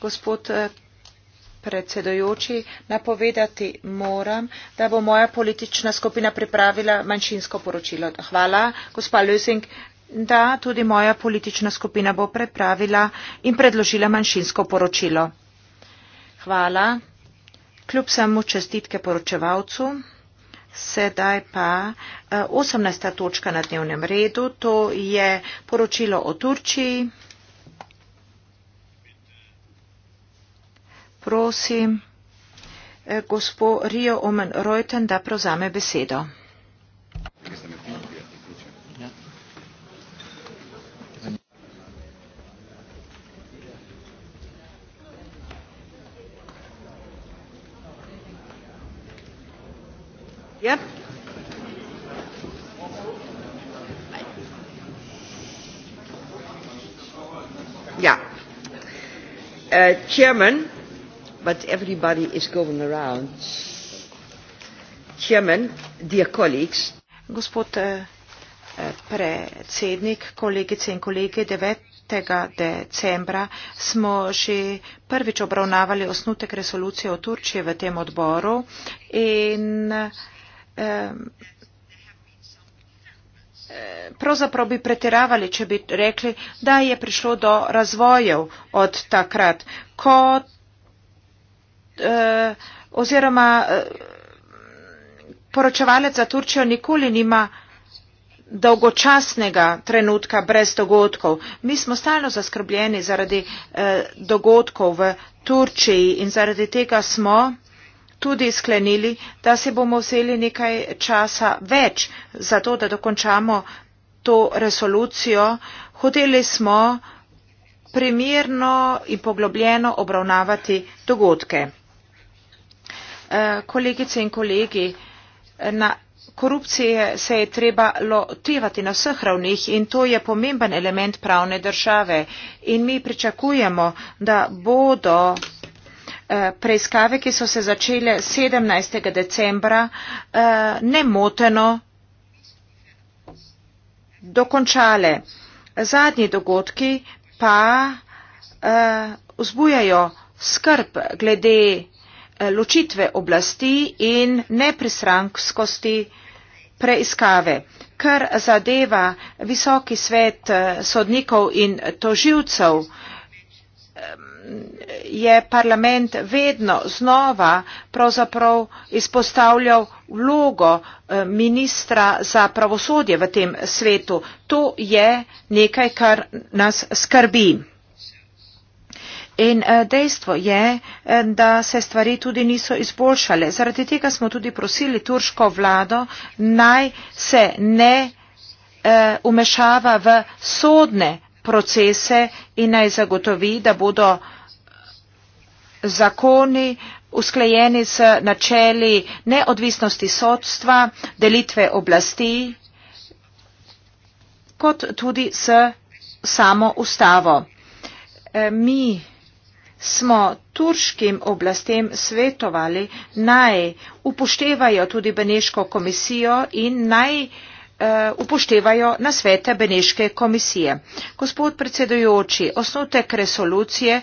gospod eh, predsedojoči, napovedati moram, da bo moja politična skupina pripravila manjšinsko poročilo. Hvala, gospa Lösing da tudi moja politična skupina bo prepravila in predložila manjšinsko poročilo. Hvala. Kljub samo čestitke poročevalcu. Sedaj pa 18. Eh, točka na dnevnem redu, to je poročilo o Turčiji. Prosim, eh, gospod Rio Omen Reuten, da prevzame besedo. Yep. Yeah. Uh, chairman, but everybody is going around. Chairman, dear colleagues. Gospod uh, predsednik, kolegice in kolege, 9. decembra smo že prvič obravnavali osnutek resolucije o Turčiji v tem odboru in uh, pravzaprav bi pretiravali, če bi rekli, da je prišlo do razvojev od takrat, ko e, oziroma e, poročevalec za Turčijo nikoli nima dolgočasnega trenutka brez dogodkov. Mi smo stalno zaskrbljeni zaradi e, dogodkov v Turčiji in zaradi tega smo tudi sklenili, da se bomo vzeli nekaj časa več za to, da dokončamo to resolucijo. Hoteli smo primirno in poglobljeno obravnavati dogodke. Eh, kolegice in kolegi, na korupcije se je treba lotevati na vseh ravnih in to je pomemben element pravne države. In mi pričakujemo, da bodo Eh, preiskave, ki so se začele 17. decembra, eh, nemoteno dokončale. Zadnji dogodki pa eh, vzbujajo skrb glede ločitve oblasti in nepristrankosti preiskave. Kar zadeva visoki svet sodnikov in toživcev, je parlament vedno znova pravzaprav izpostavljal vlogo eh, ministra za pravosodje v tem svetu. To je nekaj, kar nas skrbi. In eh, dejstvo je, eh, da se stvari tudi niso izboljšale. Zaradi tega smo tudi prosili turško vlado, naj se ne umešava v sodne procese in naj zagotovi, da bodo zakoni usklajeni s načeli neodvisnosti sodstva, delitve oblasti, kot tudi s samo ustavo. E, mi smo turškim oblastem svetovali naj upoštevajo tudi Beneško komisijo in naj e, upoštevajo na svete Beneške komisije. Gospod predsedujoči, osnutek resolucije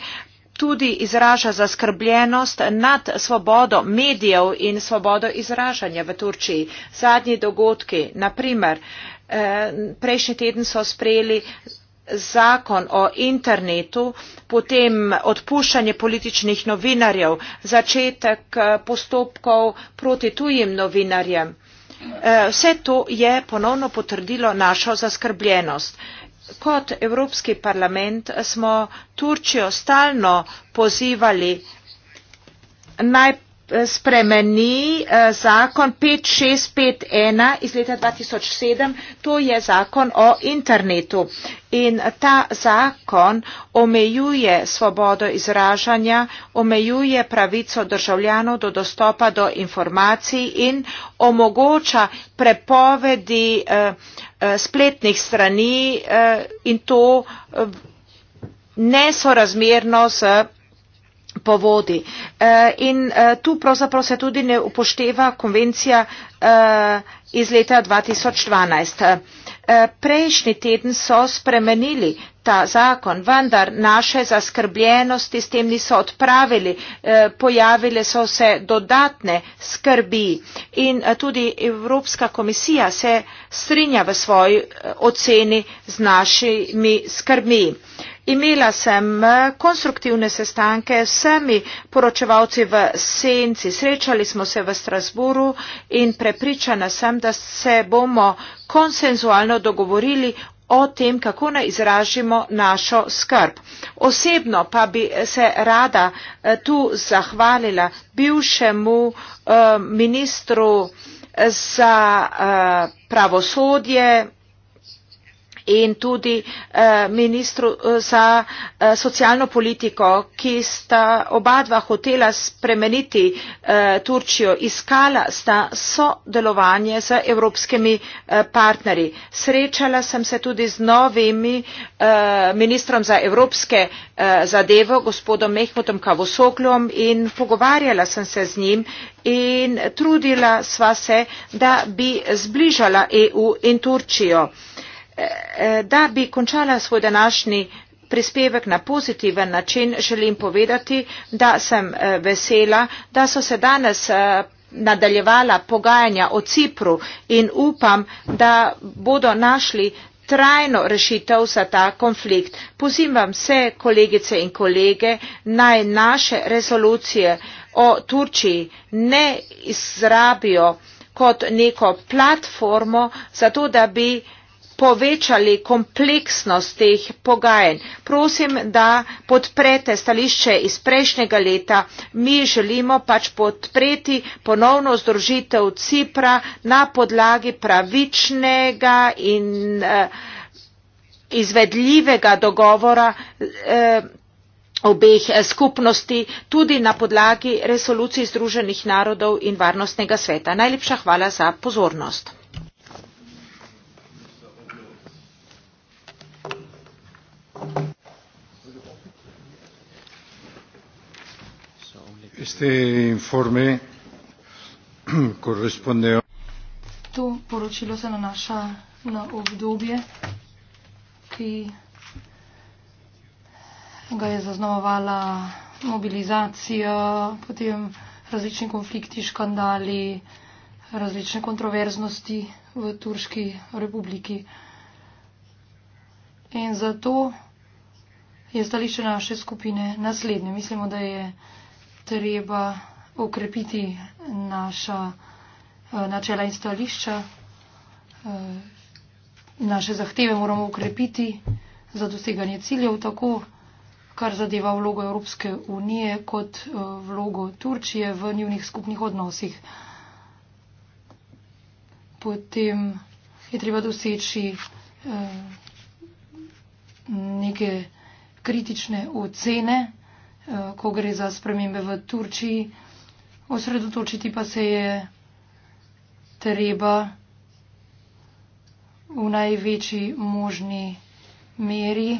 tudi izraža zaskrbljenost nad svobodo medijev in svobodo izražanja v Turčiji. Zadnji dogodki, naprimer, eh, prejšnji teden so sprejeli zakon o internetu, potem odpuščanje političnih novinarjev, začetek eh, postopkov proti tujim novinarjem. Eh, vse to je ponovno potrdilo našo zaskrbljenost kot Evropski parlament smo Turčijo stalno pozivali naj eh, spremeni eh, zakon 5651 iz leta 2007, to je zakon o internetu. In ta zakon omejuje svobodo izražanja, omejuje pravico državljanov do dostopa do informacij in omogoča prepovedi eh, Eh, spletnih strani eh, in to eh, nesorazmerno s povodi. In tu pravzaprav se tudi ne upošteva konvencija iz leta 2012. Eh, prejšnji teden so spremenili ta zakon, vendar naše zaskrbljenosti s tem niso odpravili, eh, pojavile so se dodatne skrbi in eh, tudi Evropska komisija se strinja v svoji oceni z našimi skrbmi. Imela sem eh, konstruktivne sestanke s vsemi poročevalci v senci. Srečali smo se v Strasburu in prepričana sem, da se bomo konsenzualno dogovorili o tem, kako naj izražimo našo skrb. Osebno pa bi se rada eh, tu zahvalila bivšemu eh, ministru za pravosodje in tudi eh, ministru eh, za eh, socialno politiko, ki sta oba dva hotela spremeniti Turčijo, iskala sta sodelovanje z evropskimi partnerji. Srečala sem se tudi z novim ministrom za evropske zadeve, gospodom Mehmetom Kavosoklom in pogovarjala sem se z njim in trudila sva se, da bi zbližala EU in Turčijo da bi končala svoj današnji prispevek na pozitiven način, želim povedati, da sem eh, vesela, da so se danes eh, nadaljevala pogajanja o Cipru in upam, da bodo našli trajno rešitev za ta konflikt. Pozivam vse kolegice in kolege naj naše rezolucije o Turčiji ne izrabijo kot neko platformo za to, da bi povečali kompleksnost teh pogajanj. Prosim, da podprete stališče iz prejšnjega leta. Mi želimo pač podpreti ponovno združitev Cipra na podlagi pravičnega in eh, izvedljivega dogovora eh, obeh eh, skupnosti, tudi na podlagi resolucij Združenih narodov in Varnostnega sveta. Najlepša hvala za pozornost. Este informe corresponde a... To poročilo se nanaša na obdobje, ki ga je zaznamovala mobilizacija, potem različni konflikti, škandali, različne kontroverznosti v Turški republiki. In zato je stališče naše skupine naslednje. Mislimo, da je treba okrepiti naša eh, načela in stališča. Eh, naše zahteve moramo ukrepiti za doseganje ciljev, tako kar zadeva vlogo Evropske unije kot eh, vlogo Turčije v njunih skupnih odnosih. Potem je treba doseči neke kritične ocene, eh, ko gre za spremembe v Turčiji. Osredotočiti pa se je treba v največji možni meri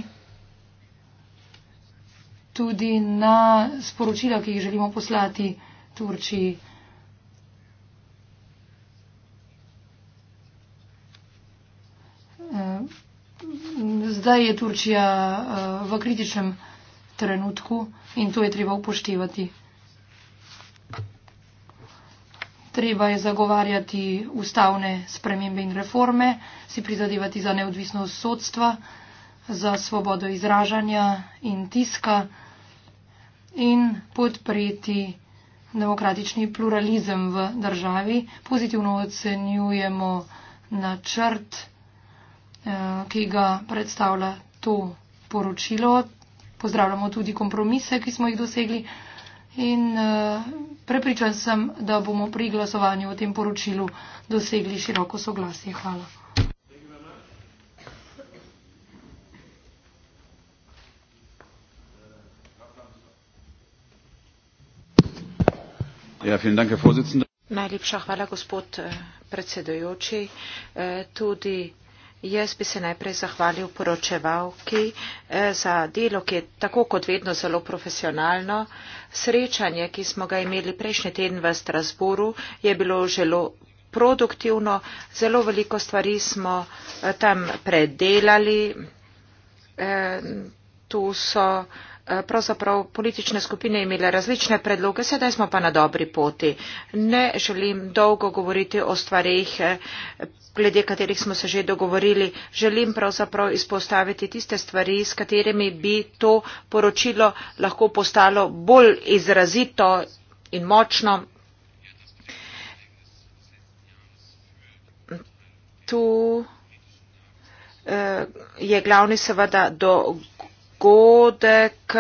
tudi na sporočila, ki jih želimo poslati Turčiji. zdaj je Turčija eh, v kritičnem trenutku in to je treba upoštevati. Treba je zagovarjati ustavne spremembe in reforme, si prizadevati za neodvisnost sodstva, za svobodo izražanja in tiska in podpreti demokratični pluralizem v državi. Pozitivno ocenjujemo načrt. Eh, ki ga predstavlja to poročilo. Pozdravljamo tudi kompromise, ki smo jih dosegli in eh, prepričan sem, da bomo pri glasovanju o tem poročilu dosegli široko soglasje. Hvala. Ja, dank, Najlepša hvala, gospod eh, predsedojoči. Tudi Jaz bi se najprej zahvalil poročevalki eh, za delo, ki je tako kot vedno zelo profesionalno. Srečanje, ki smo ga imeli prejšnji teden v Strasburu, je bilo zelo produktivno. Zelo veliko stvari smo eh, tam predelali. Eh, tu so Eh, pravzaprav politične skupine imele različne predloge, sedaj smo pa na dobri poti. Ne želim dolgo govoriti o stvarih, eh, glede katerih smo se že dogovorili. Želim pravzaprav izpostaviti tiste stvari, s katerimi bi to poročilo lahko postalo bolj izrazito in močno. Tu eh, je glavni seveda do dogodek,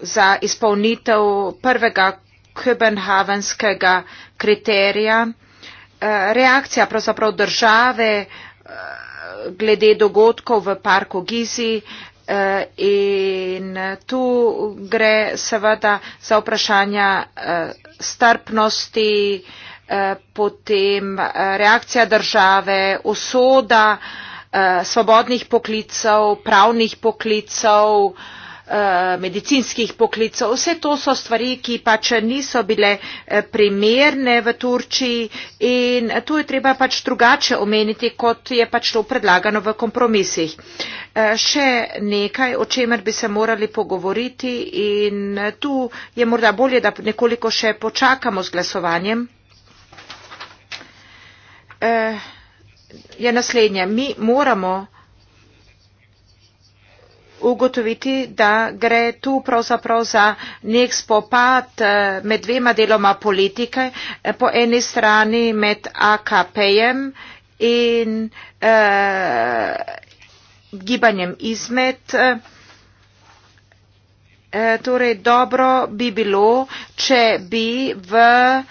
za izpolnitev prvega Kubenhavenskega kriterija. Reakcija pravzaprav države glede dogodkov v parku Gizi in tu gre seveda za vprašanja strpnosti, Eh, potem eh, reakcija države, usoda eh, svobodnih poklicev, pravnih poklicev, medicinskih poklicev. Vse to so stvari, ki pač niso bile primerne v Turčiji in to je treba pač drugače omeniti, kot je pač to predlagano v kompromisih. Še nekaj, o čemer bi se morali pogovoriti in tu je morda bolje, da nekoliko še počakamo z glasovanjem. Eh, je naslednje. Mi moramo ugotoviti, da gre tu pravzaprav za nek spopad eh, med dvema deloma politike, eh, po eni strani med AKP-jem in eh, gibanjem izmed. Eh, torej, dobro bi bilo, če bi v eh,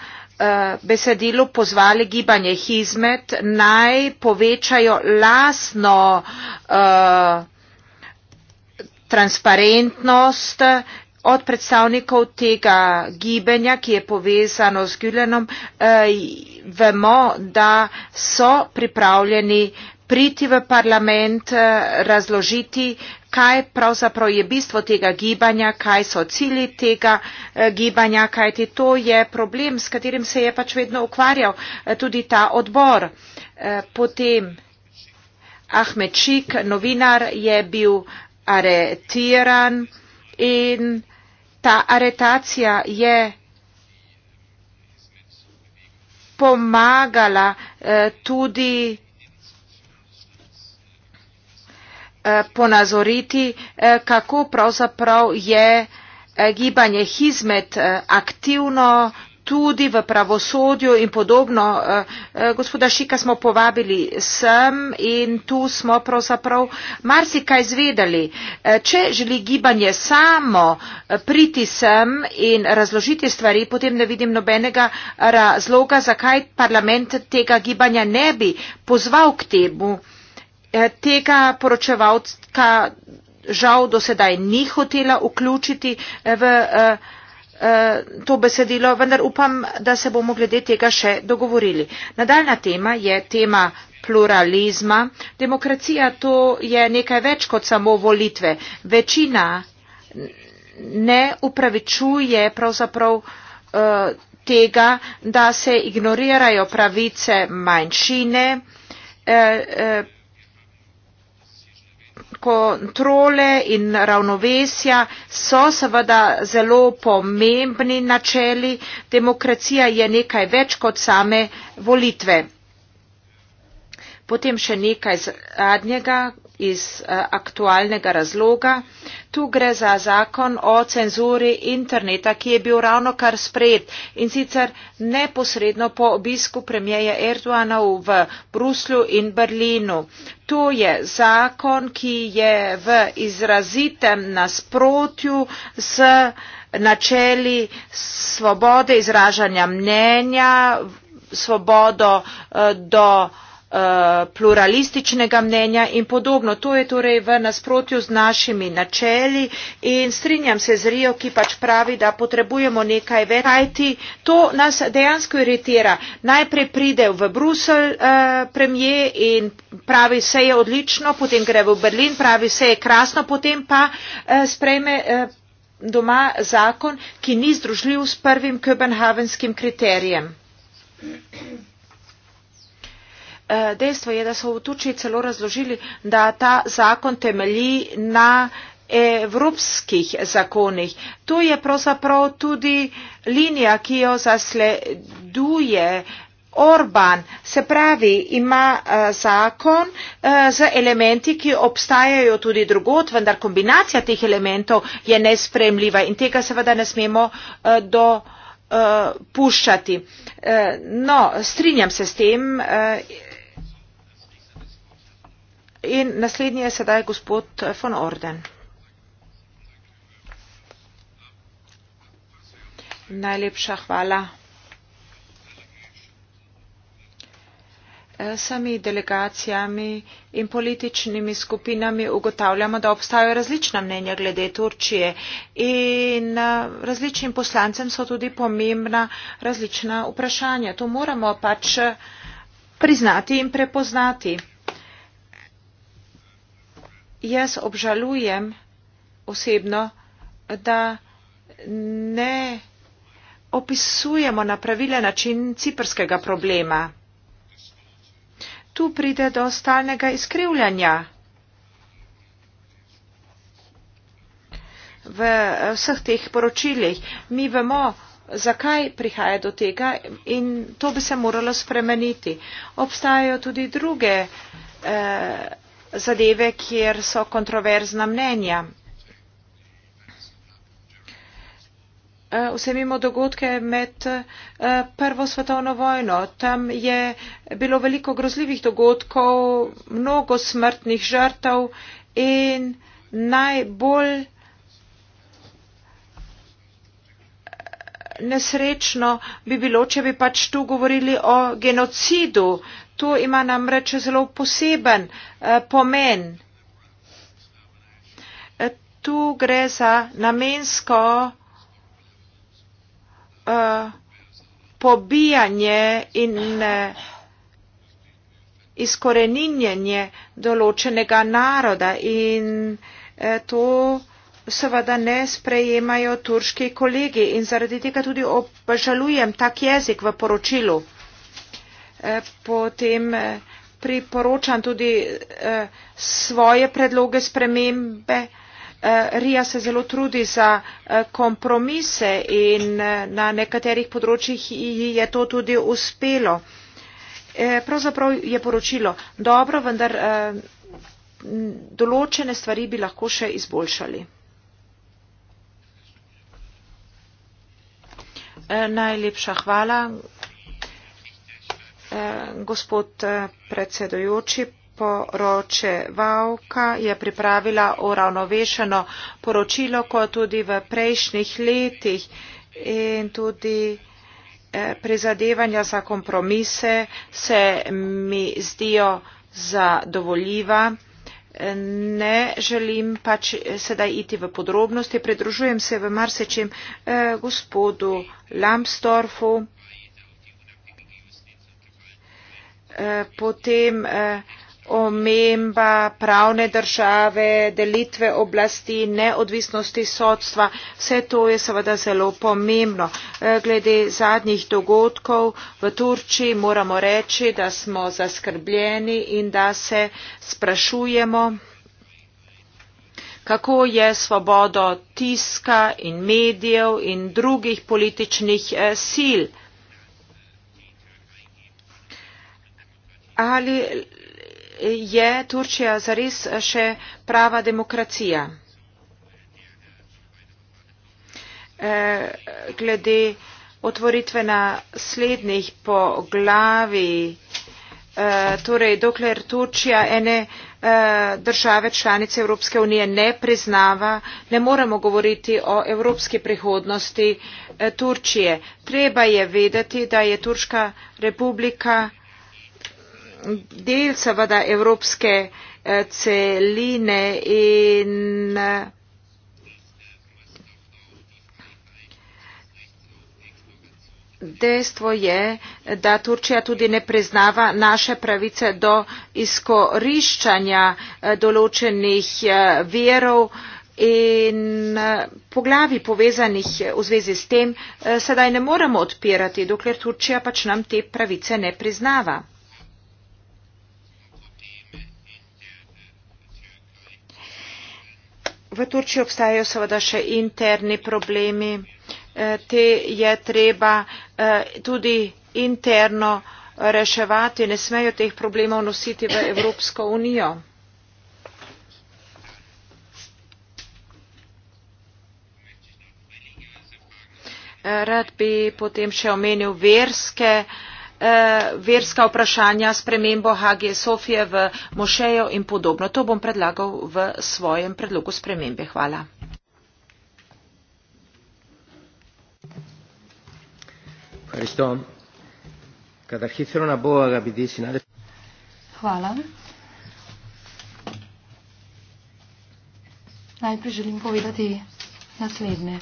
Eh, besedilu pozvali gibanje Hizmet naj povečajo lasno eh, transparentnost od predstavnikov tega gibanja, ki je povezano z Gülenom, eh, vemo, da so pripravljeni priti v parlament, razložiti kaj pravzaprav je bistvo tega gibanja, kaj so cilji tega eh, gibanja, kajti to je problem, s katerim se je pač vedno ukvarjal eh, tudi ta odbor. Eh, potem Ahmed Šik, novinar, je bil aretiran in ta aretacija je pomagala tudi Eh, ponazoriti, eh, kako pravzaprav je eh, gibanje Hizmet aktivno tudi v pravosodju in podobno. Gospoda Šika smo povabili sem in tu smo pravzaprav marsikaj zvedali. Če želi gibanje samo priti sem in razložiti stvari, potem ne vidim nobenega razloga, zakaj parlament tega gibanja ne bi pozval k temu. Eh, tega poročevalca žal do sedaj ni hotela vključiti eh, v eh, to besedilo, vendar upam, da se bomo glede tega še dogovorili. Nadaljna tema je tema pluralizma. Demokracija to je nekaj več kot samo volitve. Večina ne upravičuje pravzaprav tega, da se ignorirajo pravice manjšine, kontrole in ravnovesja so seveda zelo pomembni načeli. Demokracija je nekaj več kot same volitve. Potem še nekaj zadnjega, iz eh, aktualnega razloga. Tu gre za zakon o cenzuri interneta, ki je bil ravno kar sprejet in sicer neposredno po obisku premijeja Erdoana v Bruslju in Berlinu. To je zakon, ki je v izrazitem nasprotju s načeli svobode izražanja mnenja, svobodo eh, do Eh, pluralističnega mnenja in podobno. To je torej v nasprotju z našimi načeli in strinjam se z Rijo, ki pač pravi, da potrebujemo nekaj več. Kajti to nas dejansko iritira. Najprej pride v Brusel uh, eh, premije in pravi, vse je odlično, potem gre v Berlin, pravi, vse je krasno, potem pa uh, sprejme. Uh, doma zakon, ki ni združljiv s prvim Köbenhavenskim kriterijem. Eh, dejstvo je, da so v Turčiji celo razložili, da ta zakon temelji na evropskih zakonih. To je pravzaprav tudi linija, ki jo zasleduje Orban. Se pravi, ima eh, zakon eh, z elementi, ki obstajajo tudi drugot, vendar kombinacija teh elementov je nespremljiva in tega seveda ne smemo do puščati. No, strinjam se s tem In naslednji je sedaj gospod von Orden. Najlepša hvala. Eh, sami delegacijami in političnimi skupinami ugotavljamo, da obstajajo različna mnenja glede Turčije in eh, različnim poslancem so tudi pomembna različna vprašanja. To moramo pač eh, priznati in prepoznati jaz obžalujem osebno, da ne opisujemo na pravile način ciprskega problema. Tu pride do stalnega izkrivljanja. V eh, vseh teh poročilih mi vemo, zakaj prihaja do tega in to bi se moralo spremeniti. Obstajajo tudi druge. Eh, zadeve, kjer so kontroverzna mnenja. E, Vsemimo dogodke med e, Prvo svetovno vojno. Tam je bilo veliko grozljivih dogodkov, mnogo smrtnih žrtev in najbolj e, nesrečno bi bilo, če bi pač tu govorili o genocidu, To ima namreč zelo poseben eh, pomen. Eh, tu gre za namensko eh, pobijanje in izkoreninjenje določenega naroda in to seveda ne sprejemajo turški kolegi in zaradi tega tudi obžalujem tak jezik v poročilu potem eh, priporočam tudi eh, svoje predloge spremembe. Eh, Rija se zelo trudi za kompromise in na nekaterih področjih ji je to tudi uspelo. Pravzaprav je poročilo dobro, vendar določene stvari bi lahko še izboljšali. Najlepša hvala, gospod eh, predsedujoči. Poroče Vauka je pripravila uravnovešeno poročilo, kot tudi v prejšnjih letih in tudi eh, prizadevanja za kompromise se mi zdijo zadovoljiva. Ne želim pač sedaj iti v podrobnosti, pridružujem se v marsičem eh, gospodu Lambsdorfu. Eh, potem eh, omemba pravne države, delitve oblasti, neodvisnosti sodstva, vse to je seveda zelo pomembno. Eh, glede zadnjih dogodkov v Turčiji moramo reči, da smo zaskrbljeni in da se sprašujemo, kako je svobodo tiska in medijev in drugih političnih sil. ali je Turčija zares še prava demokracija? Eh, glede otvoritve naslednjih poglavi, eh, torej dokler Turčija ene eh, države članice Evropske unije ne priznava, ne moremo govoriti o evropski prihodnosti Turčije. Treba je vedeti, da je Turška republika del seveda evropske eh, celine in eh, dejstvo je, da Turčija tudi ne priznava naše pravice do izkoriščanja eh, določenih verov in poglavi povezanih v zvezi s tem sedaj ne moremo odpirati, dokler Turčija pač nam te pravice ne priznava. v Turčiji obstajajo seveda še interni problemi, eh, te je treba eh, tudi interno reševati, ne smejo teh problemov nositi v Evropsko unijo. Eh, rad bi potem še omenil verske eh, Eh, verska vprašanja, spremembo Hagije Sofije v mošejo in podobno. To bom predlagal v svojem predlogu spremembe. Hvala. Hvala. Najprej želim povedati naslednje.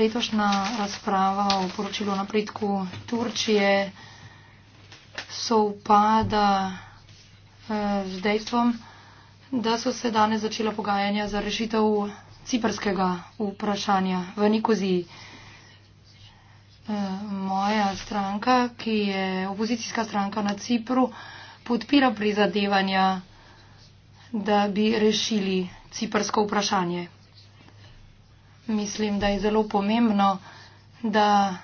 Letošnja razprava o poročilu napredku Turčije sovpada eh, z dejstvom, da so se danes začela pogajanja za rešitev ciprskega vprašanja v Nikoziji. Eh, moja stranka, ki je opozicijska stranka na Cipru, podpira prizadevanja, da bi rešili ciprsko vprašanje. Mislim, da je zelo pomembno, da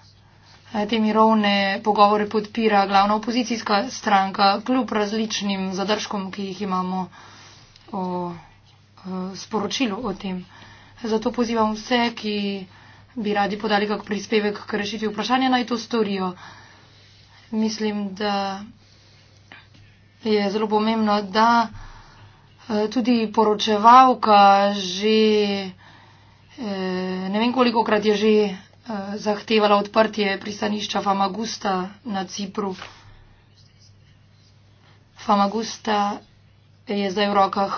te mirovne pogovore podpira glavna opozicijska stranka, kljub različnim zadržkom, ki jih imamo o, o eh, sporočilu o tem. Zato pozivam vse, ki bi radi podali kak prispevek k rešitvi vprašanja, naj to storijo. Mislim, da je zelo pomembno, da eh, tudi poročevalka že, eh, ne vem koliko krat je že Eh, zahtevala odprtje pristanišča Famagusta na Cipru. Famagusta je zdaj v rokah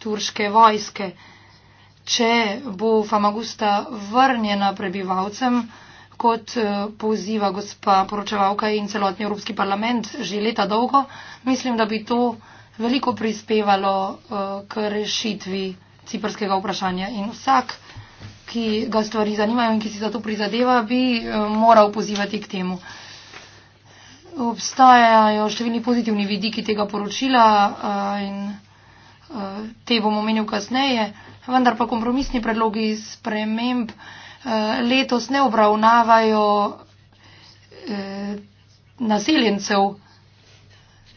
turške vojske. Če bo Famagusta vrnjena prebivalcem, kot eh, poziva gospa poročevalka in celotni Evropski parlament že leta dolgo, mislim, da bi to veliko prispevalo eh, k rešitvi ciprskega vprašanja. In vsak, ki ga stvari zanimajo in ki si za to prizadeva, bi eh, moral pozivati k temu. Obstajajo številni pozitivni vidiki tega poročila eh, in eh, te bom omenil kasneje, vendar pa kompromisni predlogi sprememb letos ne obravnavajo naseljencev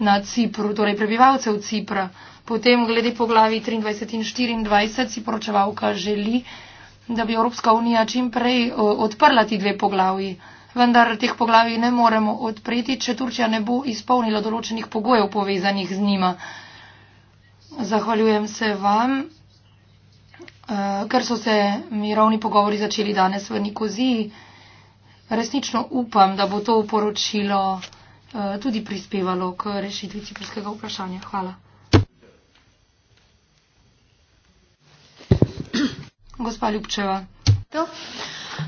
na Cipru, torej prebivalcev Cipra. Potem glede poglavi 23 in 24 si poročevalka želi, da bi Evropska unija čim prej eh, odprla ti dve poglavji. Vendar teh poglavij ne moremo odpreti, če Turčija ne bo izpolnila določenih pogojev povezanih z njima. Zahvaljujem se vam, eh, ker so se mirovni pogovori začeli danes v Nikoziji. Resnično upam, da bo to poročilo eh, tudi prispevalo k rešitvi ciprskega vprašanja. Hvala. Gospa Ljubčeva.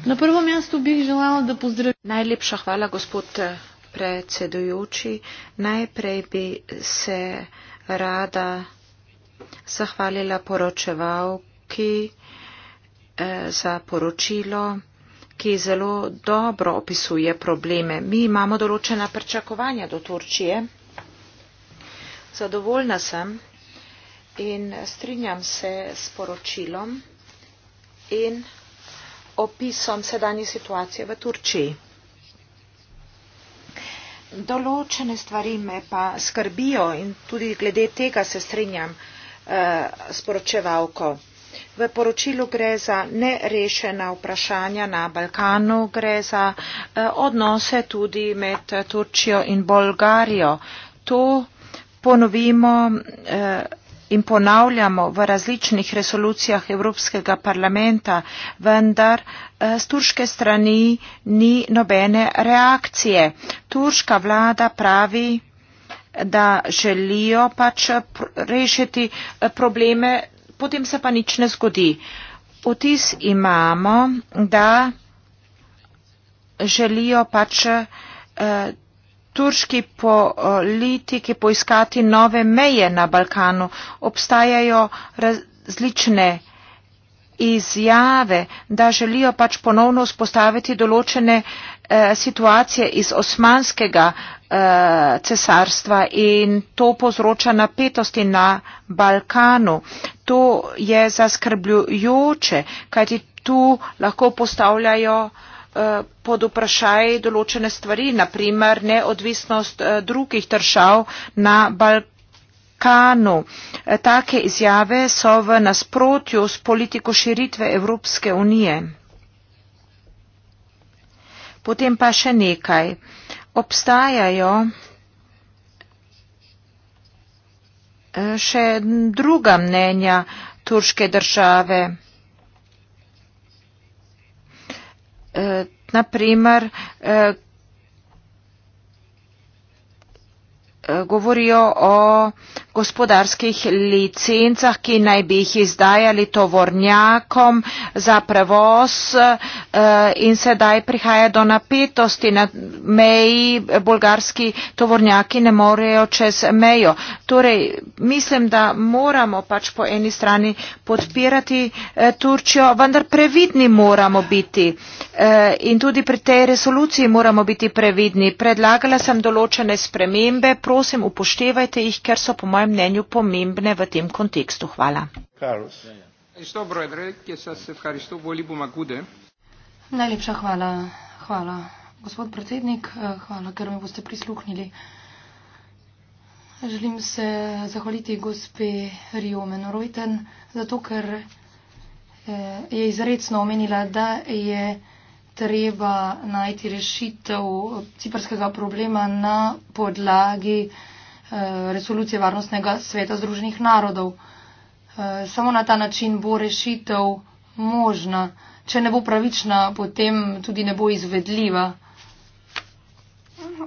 Na prvo mesto bih želela, da pozdravim. Najlepša hvala, gospod eh, predsedujoči. Najprej bi se rada zahvalila poročevalki eh, za poročilo, ki zelo dobro opisuje probleme. Mi imamo določena pričakovanja do Turčije. Zadovoljna sem in strinjam se s poročilom in opisom sedanje situacije v Turčiji. Določene stvari me pa skrbijo in tudi glede tega se strinjam eh, s poročevalko. V poročilu gre za nerešena vprašanja na Balkanu, gre za eh, odnose tudi med Turčijo in Bolgarijo. To ponovimo. Eh, in ponavljamo v različnih resolucijah Evropskega parlamenta, vendar z eh, turške strani ni nobene reakcije. Turška vlada pravi, da želijo pač rešiti eh, probleme, potem se pa nič ne zgodi. Vtis imamo, da želijo pač. Eh, turški politiki poiskati nove meje na Balkanu. Obstajajo različne izjave, da želijo pač ponovno vzpostaviti določene eh, situacije iz osmanskega eh, cesarstva in to povzroča napetosti na Balkanu. To je zaskrbljujoče, kajti tu lahko postavljajo eh, Eh, pod vprašaj določene stvari, naprimer neodvisnost eh, drugih držav na Balkanu. Eh, take izjave so v nasprotju s politiko širitve Evropske unije. Potem pa še nekaj. Obstajajo še druga mnenja turške države. Eh, naprimer, eh, Eh, govorijo o gospodarskih licencah, ki naj bi jih izdajali tovornjakom za prevoz eh, in sedaj prihaja do napetosti na meji, bolgarski tovornjaki ne morejo čez mejo. Torej, mislim, da moramo pač po eni strani podpirati eh, Turčijo, vendar previdni moramo biti in tudi pri tej resoluciji moramo biti previdni. Predlagala sem določene spremembe, prosim, upoštevajte jih, ker so po mojem mnenju pomembne v tem kontekstu. Hvala. Najlepša hvala. Hvala, gospod predsednik. Hvala, ker me boste prisluhnili. Želim se zahvaliti gospe Rio Menorojten, zato ker eh, je izredno omenila, da je treba najti rešitev ciprskega problema na podlagi eh, resolucije Varnostnega sveta Združenih narodov. Eh, samo na ta način bo rešitev možna. Če ne bo pravična, potem tudi ne bo izvedljiva.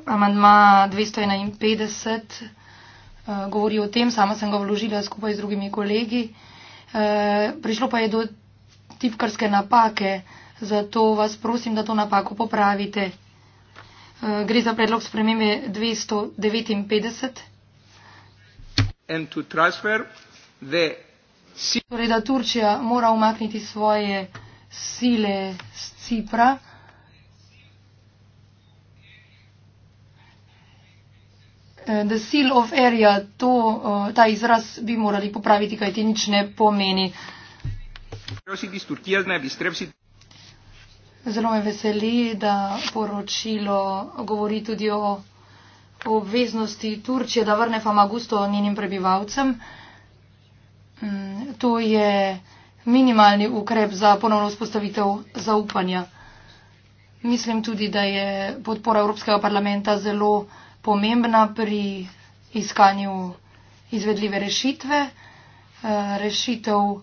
Amandma 251 eh, govori o tem, sama sem ga vložila skupaj z drugimi kolegi. Prišlo pa je do tipkarske napake. Zato vas prosim, da to napako popravite. E, gre za predlog spremembe 259. To torej, da Turčija mora umakniti svoje sile z Cipra. E, the seal of area, to, e, ta izraz bi morali popraviti, kaj ti nič ne pomeni. Prosim, iz Turčije ne bi strepsi. Zelo me veseli, da poročilo govori tudi o obveznosti Turčije, da vrne famagusto njenim prebivalcem. Mm, to je minimalni ukrep za ponovno vzpostavitev zaupanja. Mislim tudi, da je podpora Evropskega parlamenta zelo pomembna pri iskanju izvedljive rešitve, eh, rešitev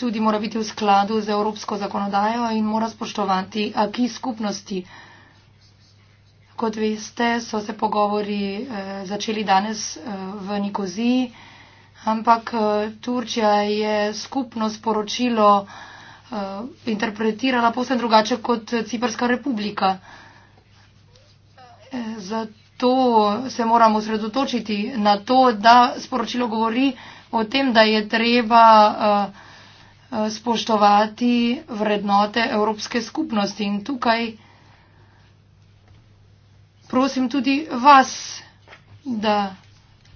tudi mora biti v skladu z evropsko zakonodajo in mora spoštovati aki skupnosti. Kot veste, so se pogovori eh, začeli danes eh, v Nikoziji, ampak eh, Turčija je skupno sporočilo eh, interpretirala posebej drugače kot Ciprska republika. Eh, zato se moramo sredotočiti na to, da sporočilo govori o tem, da je treba. Eh, Eh, spoštovati vrednote Evropske skupnosti. In tukaj prosim tudi vas, da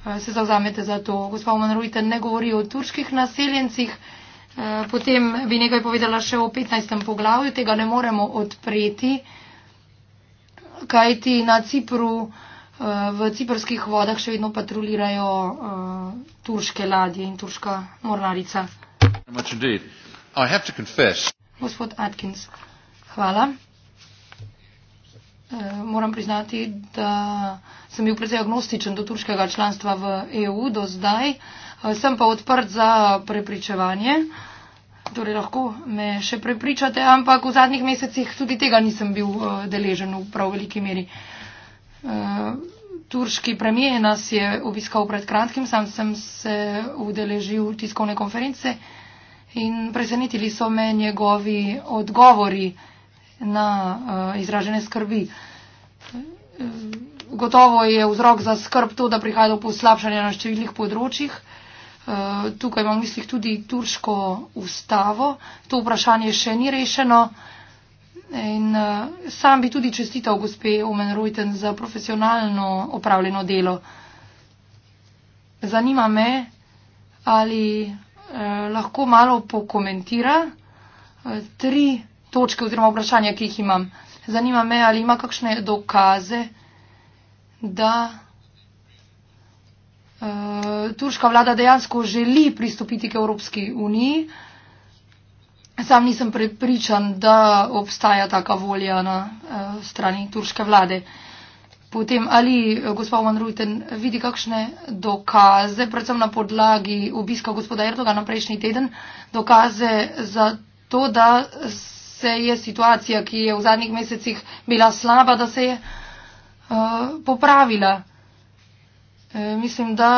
eh, se zavzamete za to. Gospa Omanrujte ne govori o turških naseljencih. Eh, potem bi nekaj povedala še o 15. poglavju, tega ne moremo odpreti, kajti na Cipru, v ciprskih vodah še vedno patrulirajo turške ladje in turška mornarica. Gospod Atkins, hvala. E, moram priznati, da sem bil precej agnostičen do turškega članstva v EU do zdaj. E, sem pa odprt za prepričevanje. Torej lahko me še prepričate, ampak v zadnjih mesecih tudi tega nisem bil e, deležen v prav veliki meri. E, Turški premije nas je obiskal pred kratkim, sam sem se udeležil tiskovne konference. In presenetili so me njegovi odgovori na uh, izražene skrbi. Eh, gotovo je vzrok za skrb to, da prihaja do poslabšanja na številnih področjih. Eh, tukaj imam v mislih tudi turško ustavo. To vprašanje še ni rešeno. In sam bi tudi čestital gospe Omen Rojten za profesionalno opravljeno delo. Zanima me, ali Eh, lahko malo pokomentira eh, tri točke oziroma vprašanja, ki jih imam. Zanima me, ali ima kakšne dokaze, da eh, turška vlada dejansko želi pristopiti k Evropski uniji. Sam nisem prepričan, da obstaja taka volja na strani turške vlade. Uh, Potem ali eh, gospod Van Ruiten vidi kakšne dokaze, predvsem na podlagi obiska gospoda Erdogana prejšnji teden, dokaze za to, da se je situacija, ki je v zadnjih mesecih bila slaba, da se je uh, popravila. E, mislim, da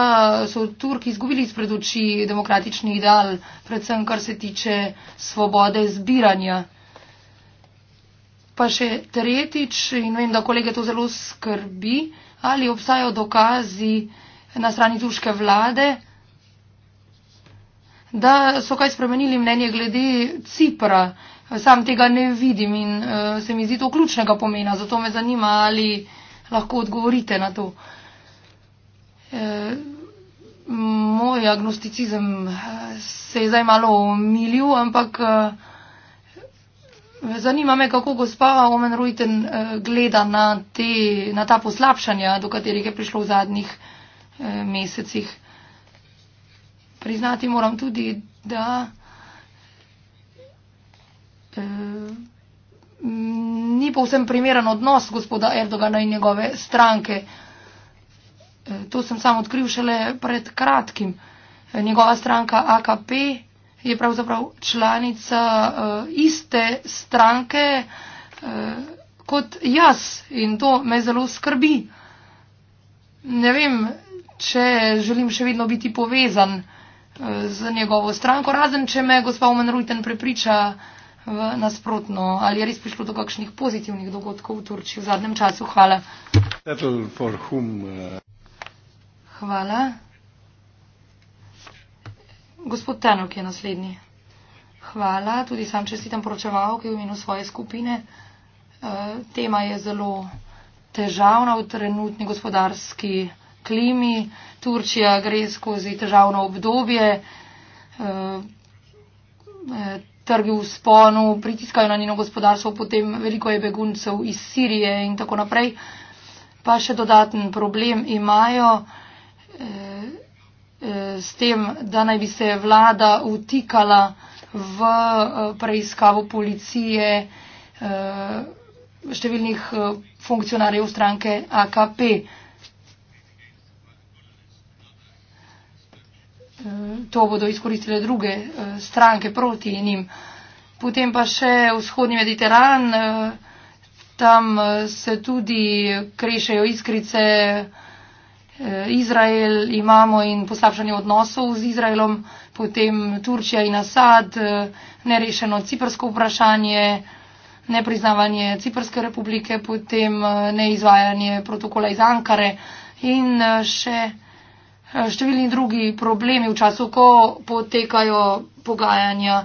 so Turki izgubili izpred oči demokratični ideal, predvsem kar se tiče svobode zbiranja. Pa še tretjič, in vem, da kolege to zelo skrbi, ali obstajajo dokazi na strani turške vlade, da so kaj spremenili mnenje glede Cipra. Sam tega ne vidim in uh, se mi zdi to ključnega pomena, zato me zanima, ali lahko odgovorite na to. E, moj agnosticizem eh, se je zdaj malo omilil, ampak. Uh, Zanima me, kako gospa Omen Rujten eh, gleda na, te, na ta poslabšanja, do katerih je prišlo v zadnjih eh, mesecih. Priznati moram tudi, da eh, ni povsem primeren odnos gospoda Erdogana in njegove stranke. To sem sam odkril šele pred kratkim. Njegova stranka AKP je pravzaprav članica uh, iste stranke uh, kot jaz in to me zelo skrbi. Ne vem, če želim še vedno biti povezan eh, z njegovo stranko, razen če me gospa Omen Rujten prepriča v nasprotno, ali je res prišlo do kakšnih pozitivnih dogodkov v Turčiji v zadnjem času. Hvala. Hvala. Gospod Tenok je naslednji. Hvala, tudi sam čestitam poročevalki v imenu svoje skupine. E, tema je zelo težavna v trenutni gospodarski klimi. Turčija gre skozi težavno obdobje, e, e, trgi v sponu pritiskajo na njeno gospodarstvo, potem veliko je beguncev iz Sirije in tako naprej. Pa še dodaten problem imajo. Eh, s tem, da naj bi se vlada utikala v eh, preiskavo policije eh, številnih funkcionarjev stranke AKP. To bodo izkoristile druge stranke proti njim. Potem pa še vzhodni Mediteran, tam se tudi krešajo iskrice. Eh, Izrael imamo in poslabšanje odnosov z Izraelom, potem Turčija in Asad, eh, nerešeno ciprsko vprašanje, nepriznavanje Ciprske republike, potem eh, neizvajanje protokola iz Ankare in še številni drugi problemi v času, ko potekajo pogajanja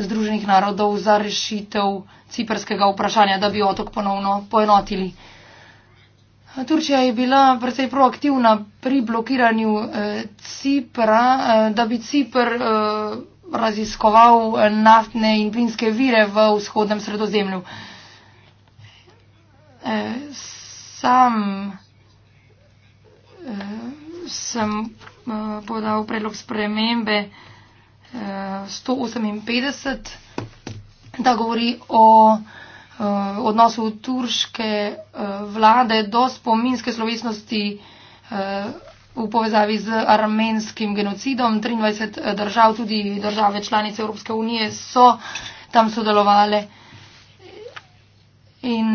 Združenih narodov za rešitev ciprskega vprašanja, da bi otok ponovno poenotili. Turčija je bila precej proaktivna pri blokiranju eh, Cipra, eh, da bi Cipr eh, raziskoval eh, naftne in plinske vire v vzhodnem sredozemlju. Eh, sam eh, sem eh, podal predlog spremembe eh, 158, da govori o. Eh, odnosu turške eh, vlade do spominske slovesnosti eh, v povezavi z armenskim genocidom. 23 držav, tudi države članice Evropske unije so tam sodelovali. In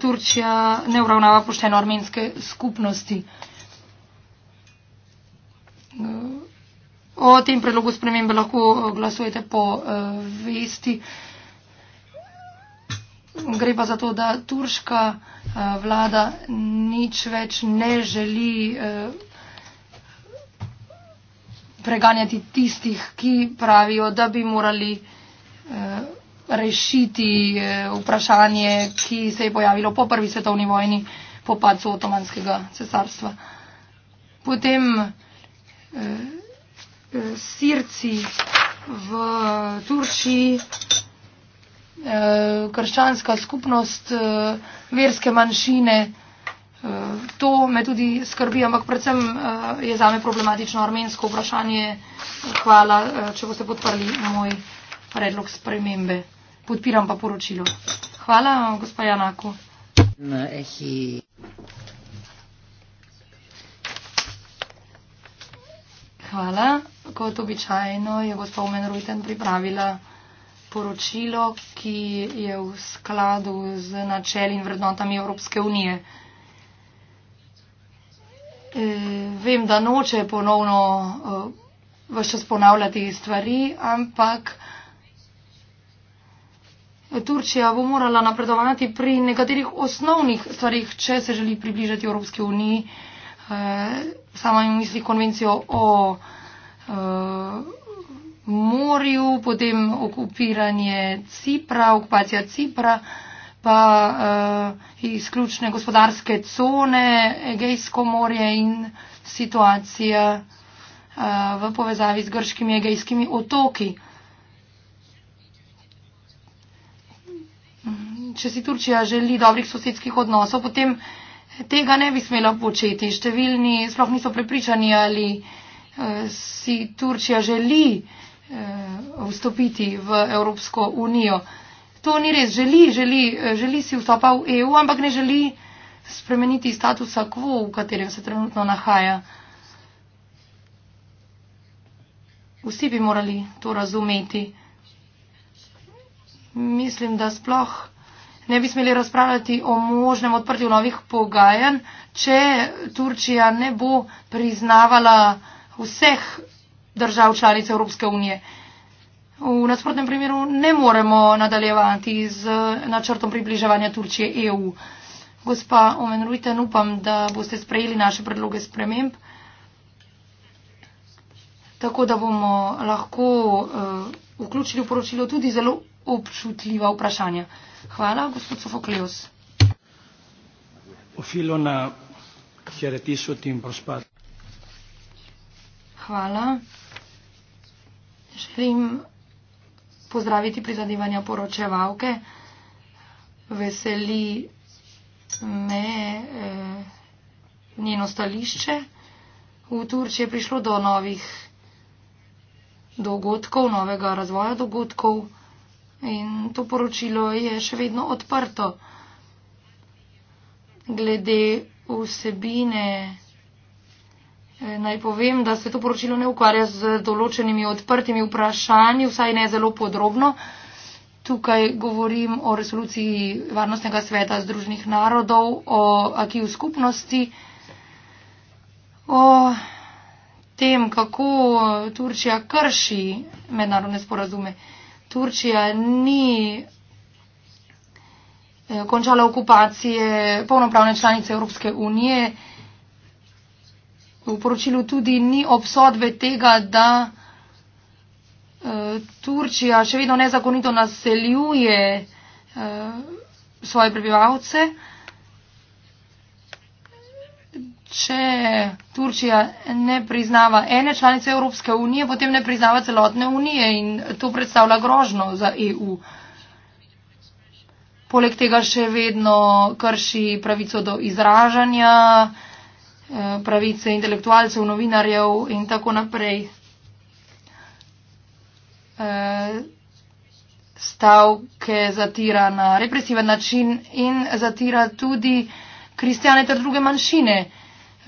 Turčija ne uravnava pošteno armenske skupnosti. O tem predlogu spremembe lahko eh, glasujete po uh, vesti. Gre pa za to, da turška uh, vlada nič več ne želi uh, preganjati tistih, ki pravijo, da bi morali uh, rešiti uh, vprašanje, ki se je pojavilo po prvi svetovni vojni, po padcu otomanskega cesarstva. Potem uh, Sirci v Turčiji, eh, krščanska skupnost, eh, verske manjšine, eh, to me tudi skrbi, ampak predvsem je zame problematično armensko vprašanje. Hvala, če boste podprli moj predlog spremembe. Podpiram pa poročilo. Hvala, gospod Janaku. Hvala. Kot običajno je gospod Menrujten pripravila poročilo, ki je v skladu z načeli in vrednotami Evropske unije. E, vem, da noče ponovno e, vse čas ponavljati stvari, ampak Turčija bo morala napredovati pri nekaterih osnovnih stvarih, če se želi približati Evropske unije. E, sama mi misli konvencijo o uh, morju, potem okupiranje Cipra, okupacija Cipra, pa uh, izključne gospodarske cone, Egejsko morje in situacija uh, v povezavi z grškimi Egejskimi otoki. Če si Turčija želi dobrih sosedskih odnosov, potem tega ne bi smela početi. Številni sploh niso prepričani, ali eh, si Turčija želi eh, vstopiti v Evropsko unijo. To ni res. Želi, želi, eh, želi si vstopa v EU, ampak ne želi spremeniti statusa quo, v katerem se trenutno nahaja. Vsi bi morali to razumeti. Mislim, da sploh ne bi smeli razpravljati o možnem odprtju novih pogajanj, če Turčija ne bo priznavala vseh držav članic Evropske unije. V nasprotnem primeru ne moremo nadaljevati z načrtom približevanja Turčije EU. Gospa Omenrujte, upam, da boste sprejeli naše predloge sprememb, tako da bomo lahko uh, vključili v poročilo tudi zelo občutljiva vprašanja. Hvala, gospod Sofoklejus. Hvala. Želim pozdraviti prizadevanja poročevalke. Veseli me eh, njeno stališče. V Turčiji je prišlo do novih dogodkov, novega razvoja dogodkov. In to poročilo je še vedno odprto. Glede vsebine eh, naj povem, da se to poročilo ne ukvarja z določenimi odprtimi vprašanji, vsaj ne zelo podrobno. Tukaj govorim o resoluciji Varnostnega sveta Združenih narodov, o akiju skupnosti, o tem, kako Turčija krši mednarodne sporazume. Turčija ni eh, končala okupacije polnopravne članice Evropske unije. V poročilu tudi ni obsodbe tega, da eh, Turčija še vedno nezakonito naseljuje eh, svoje prebivalce če Turčija ne priznava ene članice Evropske unije, potem ne priznava celotne unije in to predstavlja grožno za EU. Poleg tega še vedno krši pravico do izražanja, eh, pravice intelektualcev, novinarjev in tako naprej. Eh, stavke zatira na represiven način in zatira tudi kristjane ter druge manjšine.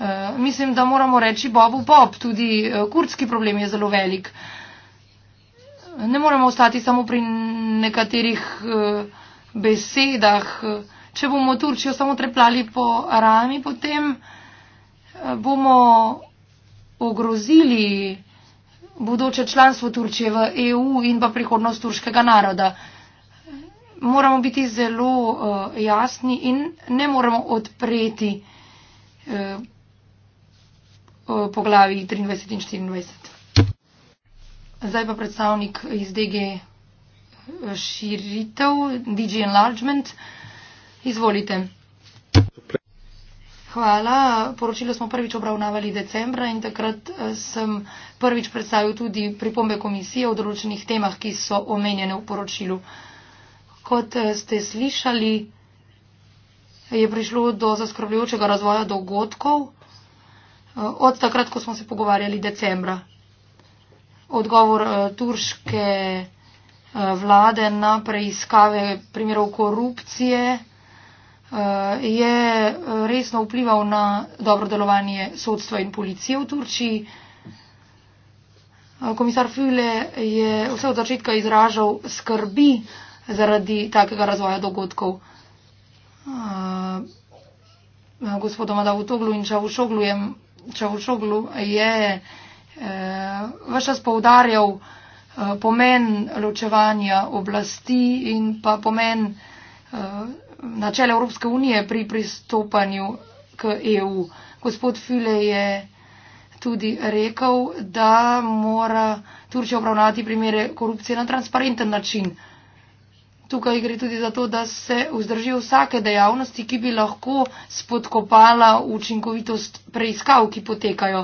Eh, mislim, da moramo reči Bobu Bob, tudi eh, kurdski problem je zelo velik. Ne moremo ostati samo pri nekaterih eh, besedah. Če bomo Turčijo samo treplali po rami, potem bomo ogrozili bodoče članstvo Turčije v EU in pa prihodnost turškega naroda. Moramo biti zelo uh, jasni in ne moramo odpreti uh, po glavi 23 in 24. Zdaj pa predstavnik iz DG eh, širitev, DG Enlargement. Izvolite. Hvala. Poročilo smo prvič obravnavali decembra in takrat eh, sem prvič predstavil tudi pripombe komisije o določenih temah, ki so omenjene v poročilu. Kot eh, ste slišali, je prišlo do zaskrbljujočega razvoja dogodkov. Eh, od takrat, ko smo se pogovarjali decembra. Odgovor eh, turške eh, vlade na preiskave primerov korupcije je resno vplival na dobro delovanje sodstva in policije v Turčiji. Komisar File je vse od začetka izražal skrbi zaradi takega razvoja dogodkov. Gospodoma Davutoglu in Čavušoglu je Čavšoglu je eh, vse čas povdarjal eh, pomen ločevanja oblasti in pa pomen eh, načela Evropske unije pri pristopanju k EU. Gospod File je tudi rekel, da mora Turčija obravnavati primere korupcije na transparenten način. Eh, Tukaj gre tudi za to, da se vzdrži vsake dejavnosti, ki bi lahko spodkopala učinkovitost preiskav, ki potekajo.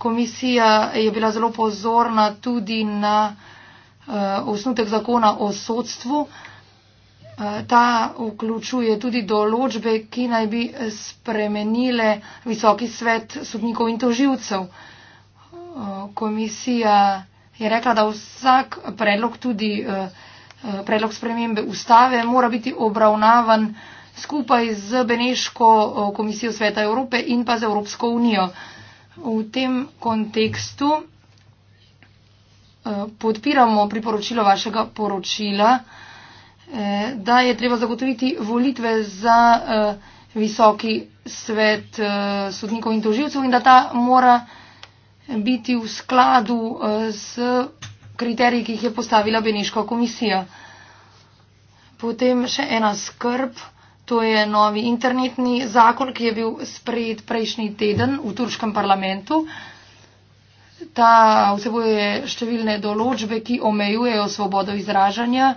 Komisija je bila zelo pozorna tudi na uh, osnutek zakona o sodstvu. Uh, ta vključuje tudi določbe, ki naj bi spremenile visoki svet sodnikov in toživcev. Uh, eh, komisija je rekla, da vsak predlog tudi. Uh, Eh, predlog spremembe ustave mora biti obravnavan skupaj z Beneško eh, komisijo Sveta Evrope in pa z Evropsko unijo. V tem kontekstu eh, podpiramo priporočilo vašega poročila, da je treba zagotoviti volitve za visoki svet sodnikov in toživcev in da ta mora biti v skladu s kriterij, ki jih je postavila Beneška komisija. Potem še ena skrb, to je novi internetni zakon, ki je bil sprejet prejšnji teden v turškem parlamentu. Ta vsebuje številne določbe, ki omejujejo svobodo izražanja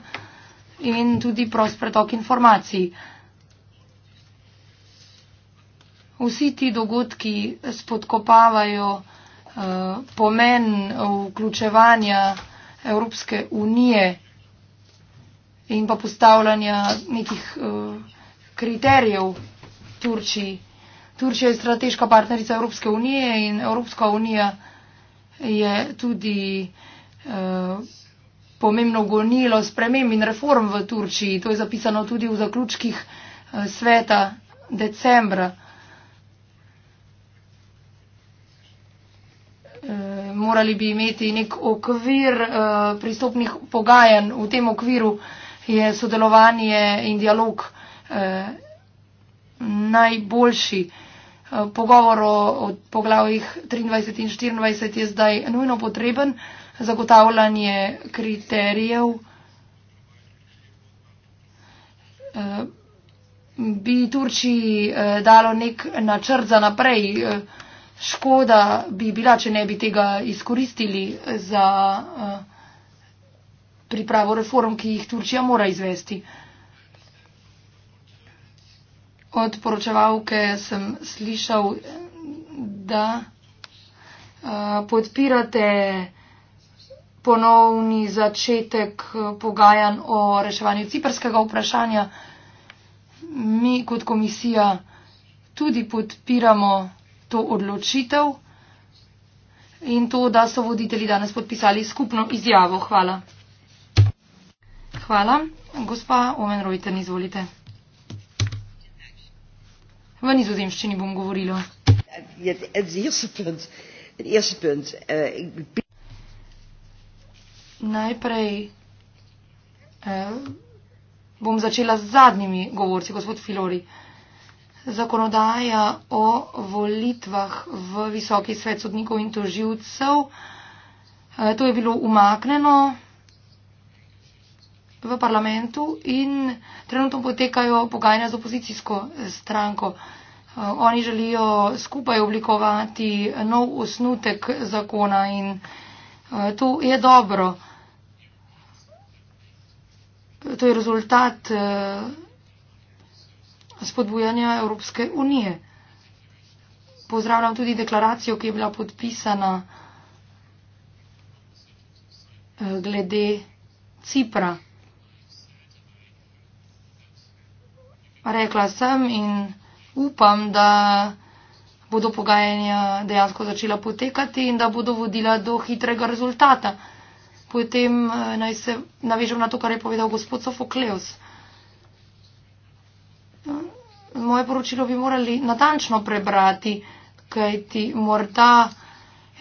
in tudi prost pretok informacij. Vsi ti dogodki spodkopavajo. Eh, pomen vključevanja Evropske unije in pa postavljanja nekih eh, kriterijev Turčiji. Turčija je strateška partnerica Evropske unije in Evropska unija je tudi eh, pomembno gonilo sprememb in reform v Turčiji. To je zapisano tudi v zaključkih sveta decembra morali bi imeti nek okvir uh, pristopnih pogajanj. V tem okviru je sodelovanje in dialog uh, najboljši. Uh, pogovor o, o poglavjih 23 in 24 je zdaj nujno potreben. Zagotavljanje kriterijev uh, bi Turčiji uh, dalo nek načrt za naprej. Uh, škoda bi bila, če ne bi tega izkoristili za eh, pripravo reform, ki jih Turčija mora izvesti. Od poročevalke sem slišal, da eh, podpirate ponovni začetek eh, pogajanj o reševanju ciperskega vprašanja. Mi kot komisija tudi podpiramo to odločitev in to, da so voditelji danes podpisali skupno izjavo. Hvala. Hvala. Gospa Omen Rojten, izvolite. V nizozemščini bom govorila. Ja, eh, Najprej eh, bom začela z zadnjimi govorci, gospod Filori. Eh, zakonodaja o volitvah v visoki svet sodnikov in toživcev. Eh, to je bilo umaknjeno v parlamentu in trenutno potekajo pogajanja z opozicijsko stranko. Eh, oni želijo skupaj oblikovati nov osnutek zakona in eh, to je dobro. To je rezultat spodbujanja Evropske unije. Pozdravljam tudi deklaracijo, ki je bila podpisana eh, glede Cipra. Rekla sem in upam, da bodo pogajanja dejansko začela potekati in da bodo vodila do hitrega rezultata. Potem eh, naj se navežem na to, kar je povedal gospod Sofokleus moje poročilo bi morali natančno prebrati, kajti morda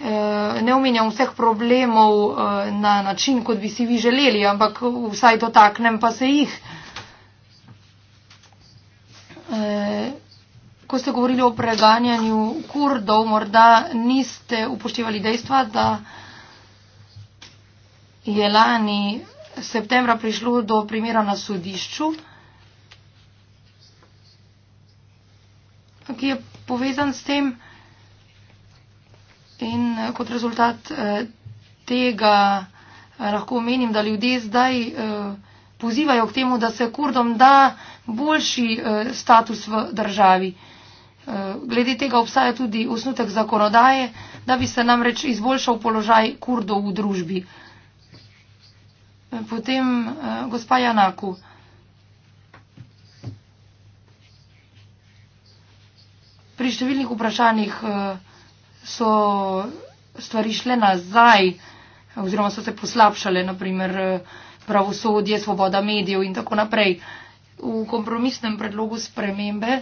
eh, ne omenjam vseh problemov eh, na način, kot bi si vi želeli, ampak vsaj dotaknem pa se jih. Eh, ko ste govorili o preganjanju kurdov, morda niste upoštevali dejstva, da je lani septembra prišlo do primera na sodišču ki je povezan s tem. In eh, kot rezultat eh, tega eh, lahko omenim, da ljudje zdaj pozivajo k temu, da se kurdom da boljši status v državi. Glede tega obstaja tudi osnutek zakonodaje, da bi se namreč izboljšal položaj kurdov v družbi. Potem gospa Janaku. pri številnih vprašanjih eh, so stvari šle nazaj oziroma so se poslabšale, naprimer eh, pravosodje, svoboda medijev in tako naprej. V kompromisnem predlogu spremembe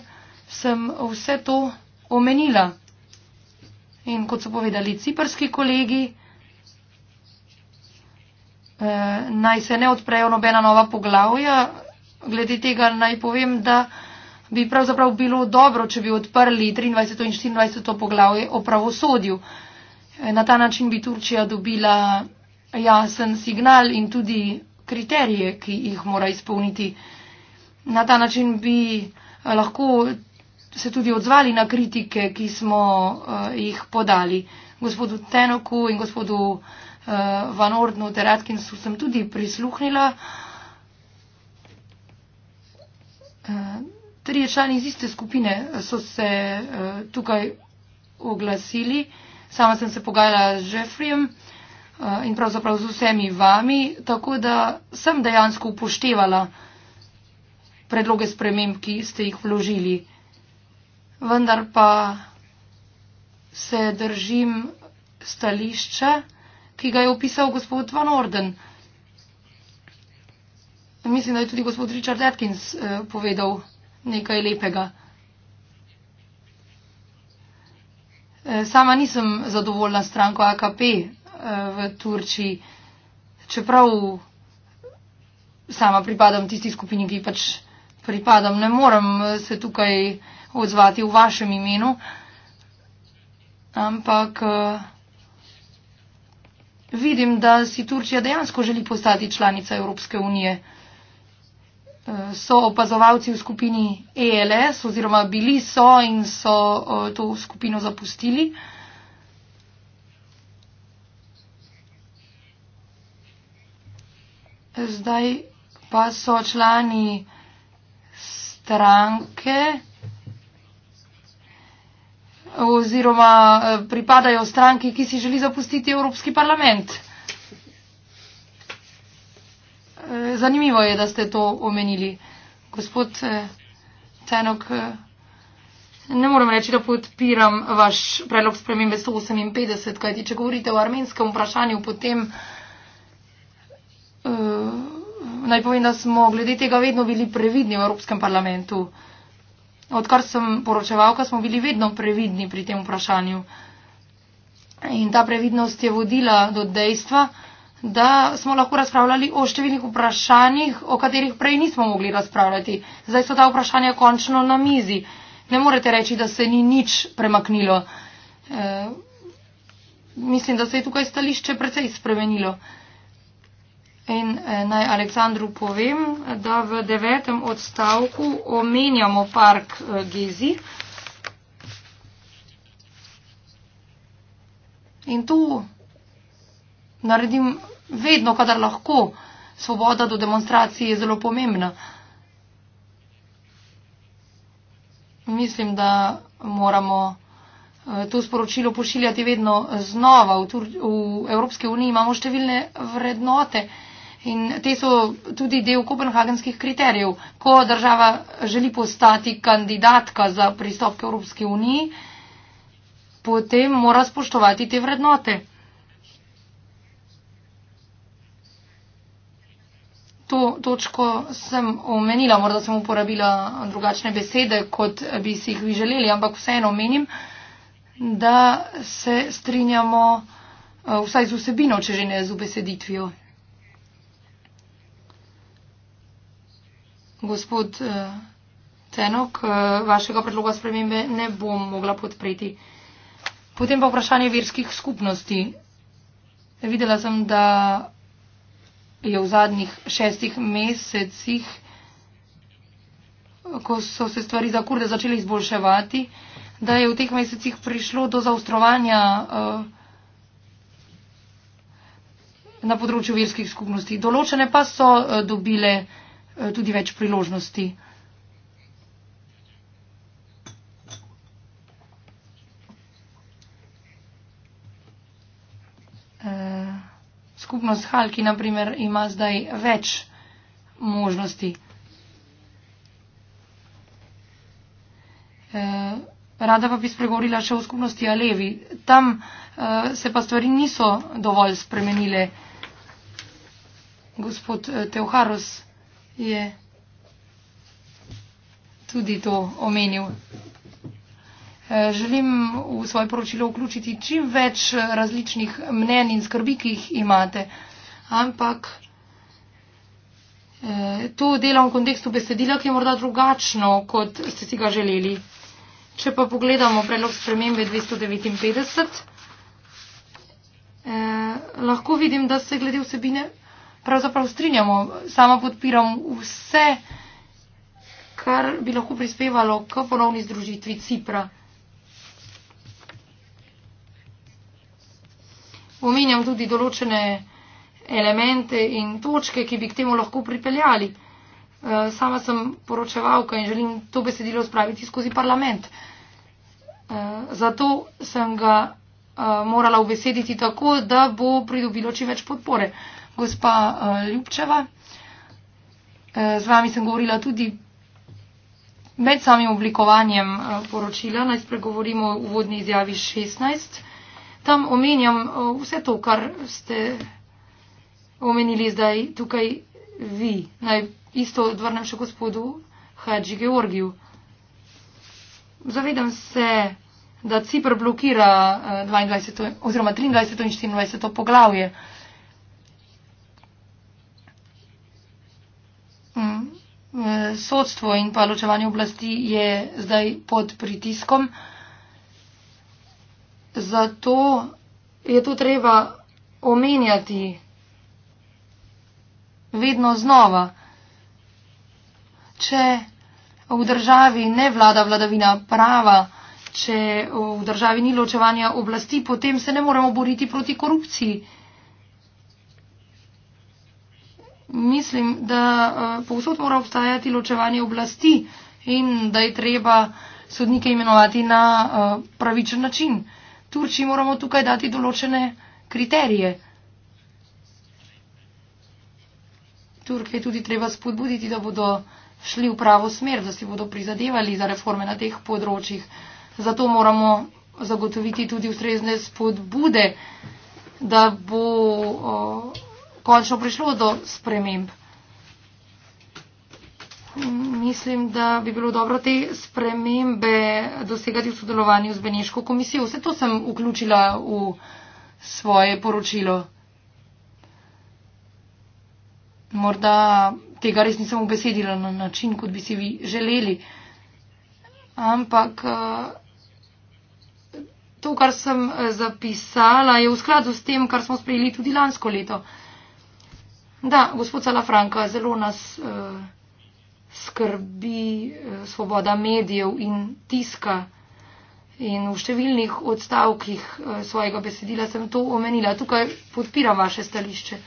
sem vse to omenila. In kot so povedali ciperski kolegi, eh, naj se ne odprejo nobena nova poglavja. Glede tega naj povem, da bi pravzaprav bilo dobro, če bi odprli 23. in 24. poglavje o pravosodju. Na ta način bi Turčija dobila jasen signal in tudi kriterije, ki jih mora izpolniti. Na ta način bi eh, lahko se tudi odzvali na kritike, ki smo eh, jih podali. Gospodu Tenoku in gospodu eh, Van Ordnu ter Atkinsu sem tudi prisluhnila. Trije člani iz iste skupine eh, so se uh, tukaj oglasili. Sama sem se pogajala z Jeffrijem uh, eh, in pravzaprav z vsemi vami, tako da sem dejansko upoštevala predloge sprememb, ki ste jih vložili. Vendar pa se držim stališča, ki ga je opisal gospod Van Orden. Mislim, da je tudi gospod Richard Atkins uh, povedal nekaj lepega. E, sama nisem zadovoljna stranko AKP e, v Turčiji, čeprav sama pripadam tisti skupini, ki pač pripadam. Ne morem se tukaj odzvati v vašem imenu, ampak e, vidim, da si Turčija dejansko želi postati članica Evropske unije so opazovalci v skupini ELS oziroma bili so in so eh, to skupino zapustili. Zdaj pa so člani stranke oziroma eh, pripadajo stranki, ki si želi zapustiti Evropski parlament. Eh, zanimivo je, da ste to omenili. Gospod Cenok, eh, eh, ne moram reči, da podpiram vaš predlog spremembe 158, kajti če govorite o armenskem vprašanju, potem naj povem, da smo glede tega vedno bili previdni v Evropskem parlamentu. Odkar sem poročevalka, smo bili vedno previdni pri tem vprašanju. In ta previdnost je vodila do dejstva, da smo lahko razpravljali o številnih vprašanjih, o katerih prej nismo mogli razpravljati. Zdaj so ta vprašanja končno na mizi. Ne morete reči, da se ni nič premaknilo. E, mislim, da se je tukaj stališče precej spremenilo. In eh, naj Aleksandru povem, da v devetem odstavku omenjamo park eh, Gezi. In tu naredim vedno, kadar lahko. Svoboda do demonstracije je zelo pomembna. Mislim, da moramo eh, to sporočilo pošiljati vedno znova. V, Tur v Evropski uniji imamo številne vrednote in te so tudi del kopenhagenskih kriterijev. Ko država želi postati kandidatka za pristop k Evropski uniji, potem mora spoštovati te vrednote. to točko sem omenila, morda sem uporabila drugačne besede, kot bi si jih vi želeli, ampak vseeno menim, da se strinjamo eh, vsaj z vsebino, če že ne z ubeseditvijo. Gospod eh, Tenok, eh, vašega predloga spremembe ne bom mogla podpreti. Potem pa vprašanje verskih skupnosti. Videla sem, da je v zadnjih šestih mesecih, ko so se stvari za kurde začeli izboljševati, da je v teh mesecih prišlo do zaostrovanja eh, na področju verskih skupnosti. Določene pa so eh, dobile eh, tudi več priložnosti. skupnost Hal, ki naprimer ima zdaj več možnosti. E, rada pa bi spregovorila še o skupnosti Alevi. Tam e, se pa stvari niso dovolj spremenile. Gospod e, Teoharus je tudi to omenil. Eh, želim v svoje poročilo vključiti čim več eh, različnih mnen in skrbi, ki jih imate. Ampak eh, to delam v kontekstu besedila, ki je morda drugačno, kot ste si ga želeli. Če pa pogledamo predlog spremembe 259, eh, lahko vidim, da se glede vsebine pravzaprav strinjamo. Sama podpiram vse, kar bi lahko prispevalo k ponovni združitvi Cipra. omenjam tudi določene elemente in točke, ki bi k temu lahko pripeljali. Eh, sama sem poročevalka in želim to besedilo spraviti skozi parlament. Eh, zato sem ga eh, morala ubesediti tako, da bo pridobilo čim več podpore. Gospa Ljubčeva, z vami sem govorila tudi med samim oblikovanjem poročila. Naj spregovorimo v vodni izjavi 16 tam omenjam vse to, kar ste omenili zdaj tukaj vi. Naj isto odvrnem še gospodu Hadži Georgiju. Zavedam se, da Cipr blokira 22, e, oziroma 23 in 24 poglavje. Mm, e, sodstvo in pa ločevanje oblasti je zdaj pod pritiskom zato je to treba omenjati vedno znova. Če v državi ne vlada vladavina prava, če v državi ni ločevanja oblasti, potem se ne moremo boriti proti korupciji. Mislim, da eh, povsod mora obstajati ločevanje oblasti in da je treba sodnike imenovati na eh, pravičen način. Turčiji moramo tukaj dati določene kriterije. Turke je tudi treba spodbuditi, da bodo šli v pravo smer, da si bodo prizadevali za reforme na teh področjih. Zato moramo zagotoviti tudi ustrezne spodbude, da bo o, končno prišlo do sprememb mislim, da bi bilo dobro te spremembe dosegati v sodelovanju z Beneško komisijo. Vse to sem vključila v svoje poročilo. Morda tega res nisem obesedila na način, kot bi si vi želeli. Ampak eh, to, kar sem eh, zapisala, je v skladu s tem, kar smo sprejeli tudi lansko leto. Da, gospod Salafranka, zelo nas. Uh, skrbi eh, svoboda medijev in tiska. In v številnih odstavkih eh, svojega besedila sem to omenila. Tukaj podpiram vaše stališče.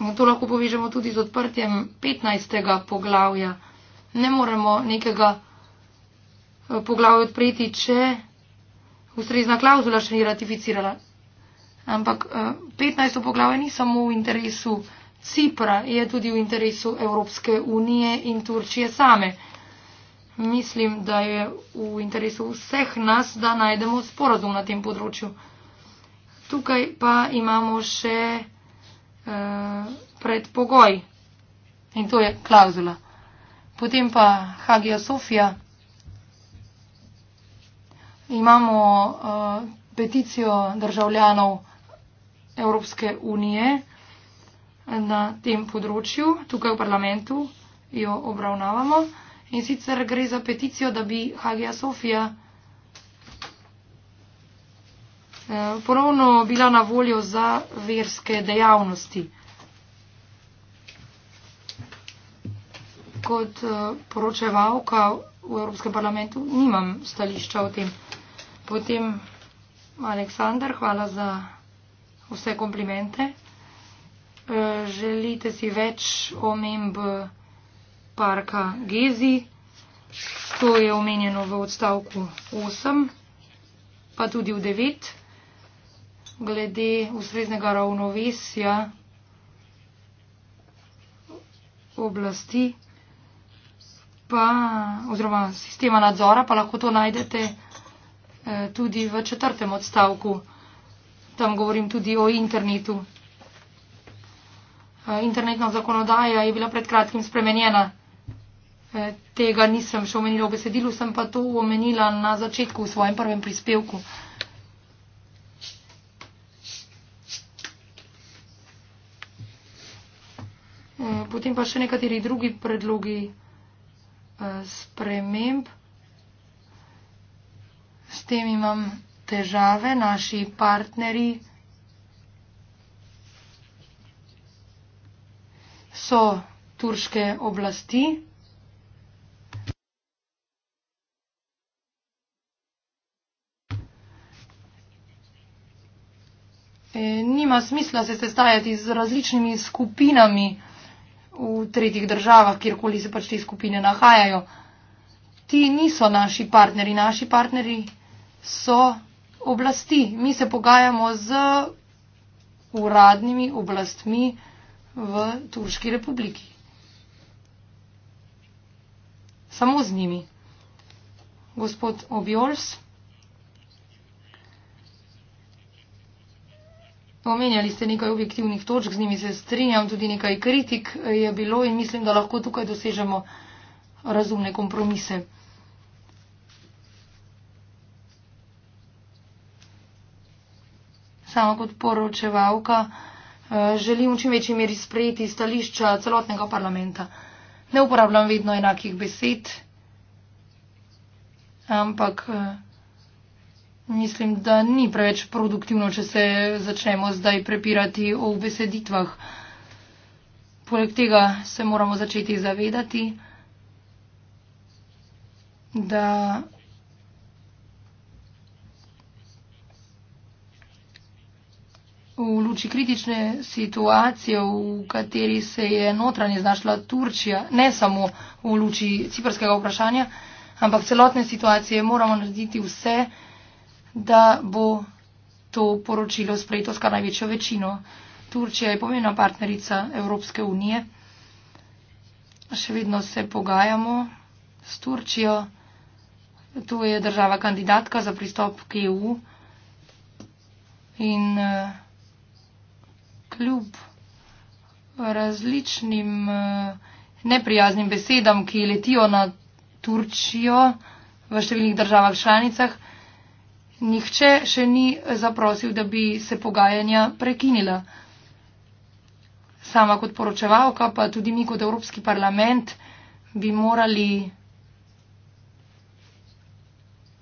In to lahko povežemo tudi z odprtjem 15. poglavja. Ne moremo nekega eh, poglavja odpreti, če ustrezna klauzula še ni ratificirala. Ampak 15. poglavje ni samo v interesu. Cipra je tudi v interesu Evropske unije in Turčije same. Mislim, da je v interesu vseh nas, da najdemo sporazum na tem področju. Tukaj pa imamo še uh, predpogoj in to je klauzula. Potem pa Hagia Sofia. Imamo uh, peticijo državljanov Evropske unije na tem področju, tukaj v parlamentu jo obravnavamo. In sicer gre za peticijo, da bi Hagia Sofia eh, ponovno bila na voljo za verske dejavnosti. Kot eh, poročevalka v Evropskem parlamentu nimam stališča o tem. Potem, Aleksandar, hvala za vse komplimente želite si več omemb parka Gezi, to je omenjeno v odstavku 8, pa tudi v 9, glede ustreznega ravnovesja oblasti, pa, oziroma sistema nadzora, pa lahko to najdete eh, tudi v četrtem odstavku. Tam govorim tudi o internetu. Eh, internetna zakonodaja je bila pred kratkim spremenjena. Eh, tega nisem še omenila v besedilu, sem pa to omenila na začetku v svojem prvem prispevku. Eh, potem pa še nekateri drugi predlogi sprememb. S tem imam težave, naši partneri. so turške oblasti. E, nima smisla se sestajati z različnimi skupinami v tretjih državah, kjerkoli se pač te skupine nahajajo. Ti niso naši partneri. Naši partneri so oblasti. Mi se pogajamo z uradnimi oblastmi v Turški republiki. Samo z njimi. Gospod Obiols, omenjali ste nekaj objektivnih točk, z njimi se strinjam, tudi nekaj kritik je bilo in mislim, da lahko tukaj dosežemo razumne kompromise. Sama kot poročevalka želim v čim večji meri sprejeti stališča celotnega parlamenta. Ne uporabljam vedno enakih besed, ampak eh, mislim, da ni preveč produktivno, če se začnemo zdaj prepirati o beseditvah. Poleg tega se moramo začeti zavedati, da v luči kritične situacije, v kateri se je notranje znašla Turčija, ne samo v luči ciprskega vprašanja, ampak celotne situacije, moramo narediti vse, da bo to poročilo sprejeto skar največjo večino. Turčija je pomembna partnerica Evropske unije. Še vedno se pogajamo s Turčijo. To je država kandidatka za pristop k EU. In uh, kljub različnim eh, neprijaznim besedam, ki letijo na Turčijo v številnih državah članicah, nihče še ni zaprosil, da bi se pogajanja prekinila. Sama kot poročevalka, pa tudi mi kot Evropski parlament bi morali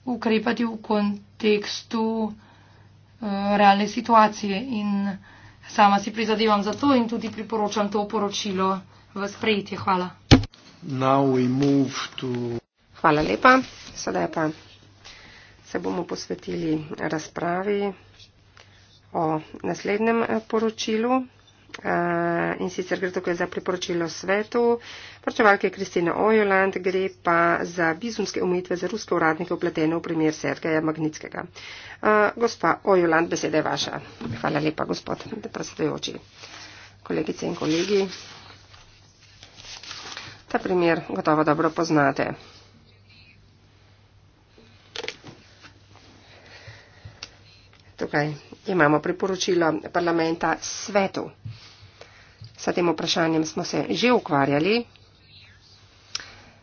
ukrepati v kontekstu uh, realne situacije in Sama si prizadevam za to in tudi priporočam to poročilo v sprejetje. Hvala. To... Hvala lepa. Sedaj pa se bomo posvetili razpravi o naslednjem eh, poročilu. Eh, in sicer gre tukaj za priporočilo svetu, vrčevalke Kristine Ojoland, gre pa za bizumske umitve za ruske uradnike upletene v primer Sergeja Magnitskega. Eh, gospa Ojoland, beseda je vaša. Hvala lepa, gospod predsedujoči. Kolegice in kolegi, ta primer gotovo dobro poznate. Tukaj imamo priporočilo parlamenta svetu. S tem vprašanjem smo se že ukvarjali.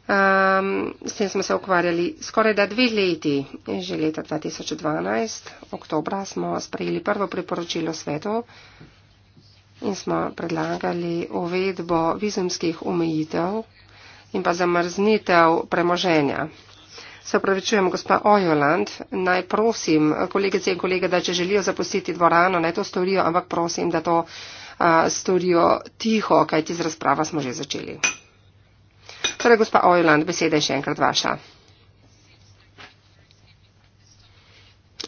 Um, s tem smo se ukvarjali skoraj da dve leti. Že leta 2012, oktobra, smo sprejeli prvo priporočilo svetu in smo predlagali uvedbo vizumskih omejitev in pa zamrznitev premoženja. Se opravičujem, gospa Ojoland, naj prosim kolegice in kolege, da če želijo zapustiti dvorano, naj to storijo, ampak prosim, da to. Uh, storijo tiho, kajti z razprava smo že začeli. Torej, gospa Ojland, beseda je še enkrat vaša.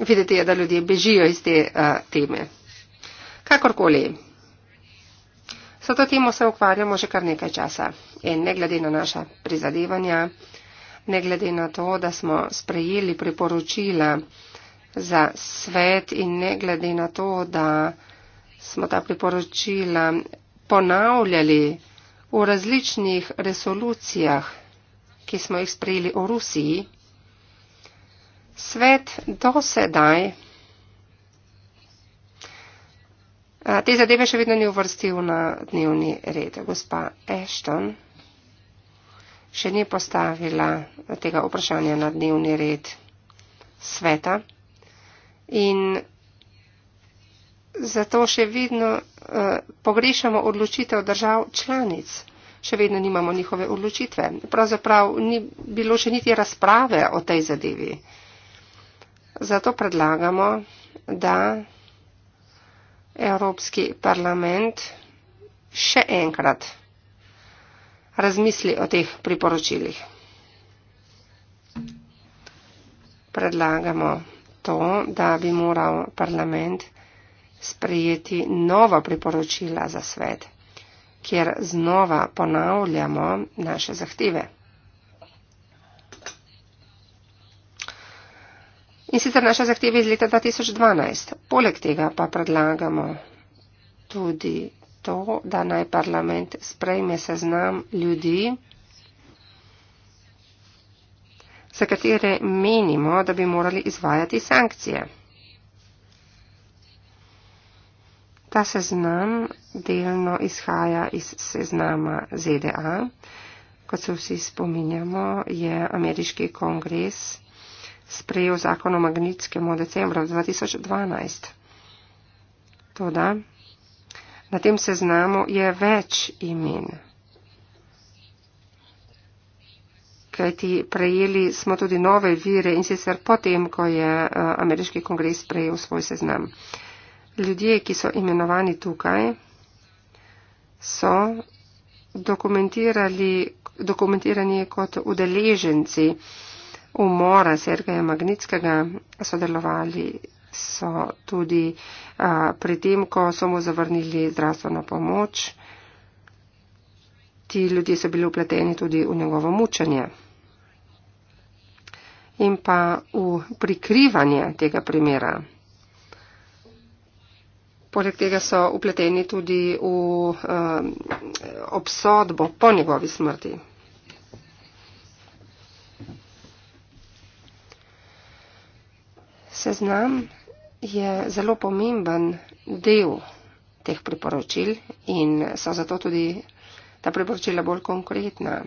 Videti je, da ljudje bežijo iz te uh, teme. Kakorkoli. S to temo se ukvarjamo že kar nekaj časa. In ne glede na naša prizadevanja, ne glede na to, da smo sprejeli priporočila za svet in ne glede na to, da smo ta priporočila ponavljali v različnih resolucijah, ki smo jih sprejeli v Rusiji, svet do sedaj te zadeve še vedno ni uvrstil na dnevni red. Gospa Ashton še ni postavila tega vprašanja na dnevni red sveta. In zato še vedno uh, pogrešamo odločitev držav članic. Še vedno nimamo njihove odločitve. Pravzaprav ni bilo še niti razprave o tej zadevi. Zato predlagamo, da Evropski parlament še enkrat razmisli o teh priporočilih. Predlagamo to, da bi moral parlament sprejeti nova priporočila za svet, kjer znova ponavljamo naše zahteve. In sicer naše zahteve iz leta 2012. Poleg tega pa predlagamo tudi to, da naj parlament sprejme seznam ljudi, za katere menimo, da bi morali izvajati sankcije. Ta seznam delno izhaja iz seznama ZDA. Kot se vsi spominjamo, je ameriški kongres sprejel zakon o magnitskem v decembru 2012. Toda na tem seznamu je več imen. Kajti prejeli smo tudi nove vire in sicer potem, ko je eh, ameriški kongres prejel svoj seznam ljudje, ki so imenovani tukaj, so dokumentirali, dokumentirani kot udeleženci umora Sergeja Magnitskega, sodelovali so tudi a, pri tem, ko so mu zavrnili zdravstveno pomoč. Ti ljudje so bili upleteni tudi v njegovo mučenje in pa v prikrivanje tega primera. Poleg tega so upleteni tudi v um, obsodbo po njegovi smrti. Seznam je zelo pomemben del teh priporočil in so zato tudi ta priporočila bolj konkretna.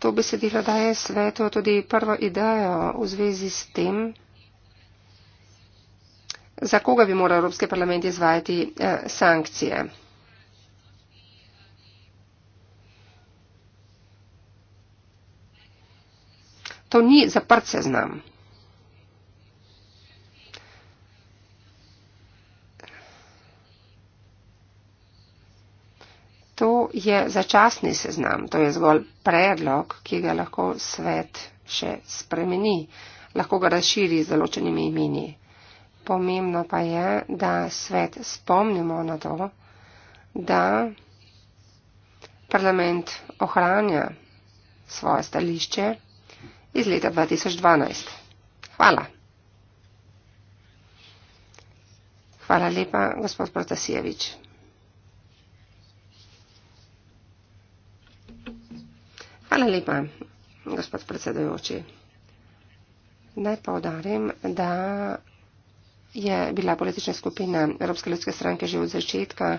To besedilo daje svetu tudi prvo idejo v zvezi s tem, za koga bi moral Evropski parlament izvajati eh, sankcije. To ni zaprt seznam. To je začasni seznam, to je zgolj predlog, ki ga lahko svet še spremeni, lahko ga razširi z določenimi imeni. Pomembno pa je, da svet spomnimo na to, da parlament ohranja svoje stališče iz leta 2012. Hvala. Hvala lepa, gospod Protasijevič. Hvala lepa, gospod predsedujoči. Naj povdarim, da je bila politična skupina Evropske ljudske stranke že od začetka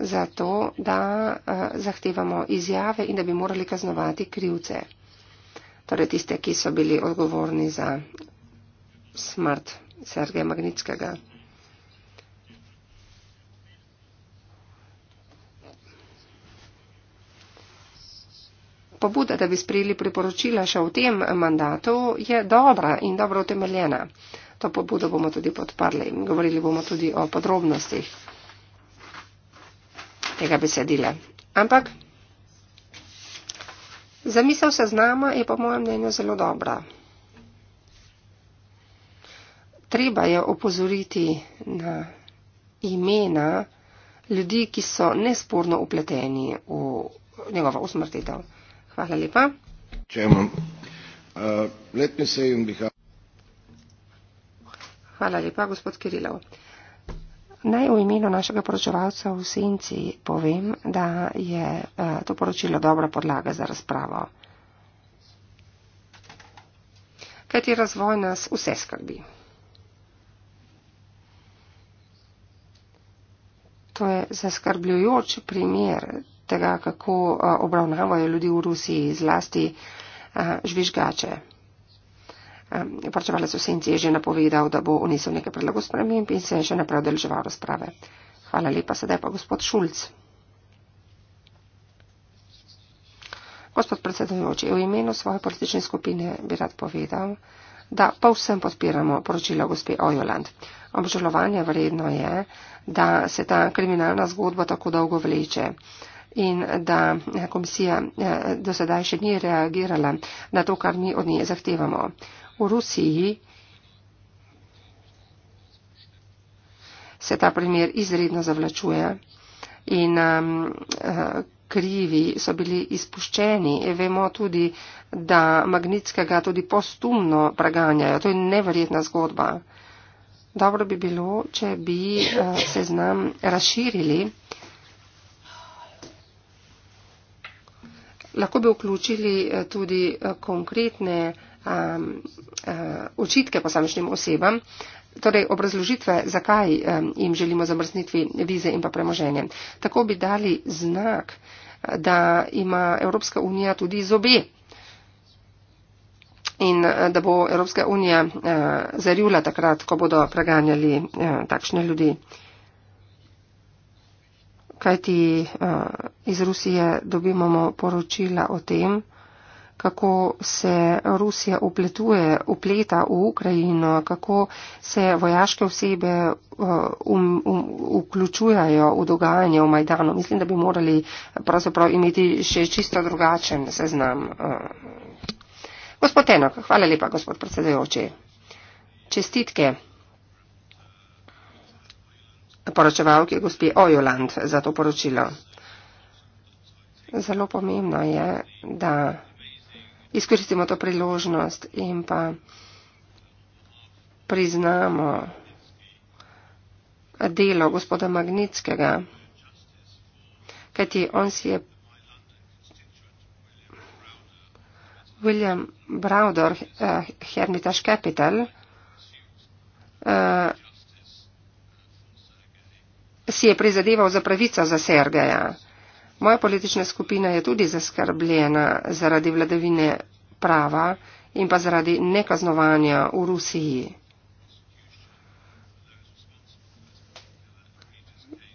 za to, da eh, zahtevamo izjave in da bi morali kaznovati krivce. Torej tiste, ki so bili odgovorni za smrt Sergeja Magnitskega. Pobuda, da bi sprejeli priporočila še v tem mandatu, je dobra in dobro utemeljena. To pobudo bomo tudi podprli. Govorili bomo tudi o podrobnostih tega besedila. Ampak zamisel seznama je po mojem mnenju zelo dobra. Treba je opozoriti na imena ljudi, ki so nesporno upleteni v njegovo usmrtitev. Hvala lepa. Če imam. Uh, let me say on behalf. Hvala lepa, gospod Kirilov. Naj v imenu našega poročevalca v senci povem, da je uh, to poročilo dobra podlaga za razpravo. Kaj ti razvoj nas vse skrbi? To je zaskrbljujoč primer tega, kako obravnavajo ljudi v Rusiji, zlasti žvižgače. Pračevalec v senci je že napovedal, da bo unisel nekaj predlogov sprememb in se je še naprej deloževal razprave. Hvala lepa, sedaj pa gospod Šulc. Gospod predsedujoči, v imenu svoje politične skupine bi rad povedal, da pa vsem podpiramo poročilo gospe Ojoland. Obžalovanje vredno je, da se ta kriminalna zgodba tako dolgo vleče in da eh, komisija eh, do sedaj še ni reagirala na to, kar mi od nje zahtevamo. V Rusiji se ta primer izredno zavlačuje in um, krivi so bili izpuščeni. Vemo tudi, da Magnitskega tudi postumno preganjajo. To je neverjetna zgodba. Dobro bi bilo, če bi uh, se znam razširili. lahko bi vključili eh, tudi eh, konkretne um, uh, očitke posamečnim osebam, torej obrazložitve, zakaj um, jim želimo zamrznitvi vize in pa premoženje. Tako bi dali znak, da ima Evropska unija tudi zobe in da bo Evropska unija uh, zarjula takrat, ko bodo preganjali uh, takšne ljudi kajti eh, iz Rusije dobivamo poročila o tem, kako se Rusija upletuje, upleta v Ukrajino, kako se vojaške osebe eh, um, um, vključujajo v dogajanje v Majdanu. Mislim, da bi morali pravzaprav imeti še čisto drugačen seznam. Eh. Gospod Tenok, hvala lepa, gospod predsedajoči. Čestitke poročevalke gospe Ojoland za to poročilo. Zelo pomembno je, da izkoristimo to priložnost in pa priznamo delo gospoda Magnitskega, kajti on si je William Browder, eh, Hermitage Capital, eh, si je prizadeval za pravico za Sergeja. Moja politična skupina je tudi zaskrbljena zaradi vladavine prava in pa zaradi nekaznovanja v Rusiji.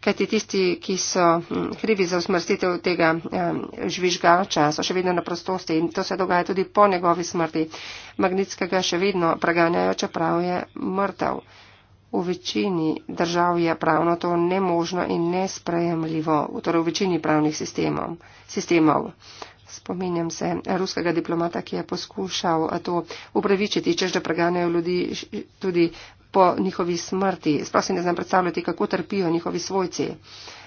Kajti tisti, ki so hm, krivi za usmrstitev tega hm, žvižgača, so še vedno na prostosti in to se dogaja tudi po njegovi smrti. Magnitskega še vedno preganjajo, čeprav je mrtev. V večini držav je pravno to nemožno in nesprejemljivo, torej v večini pravnih sistemov. sistemov. Spominjam se ruskega diplomata, ki je poskušal to upravičiti, čež da preganjajo ljudi tudi po njihovi smrti. Sploh si ne znam predstavljati, kako trpijo njihovi svojci.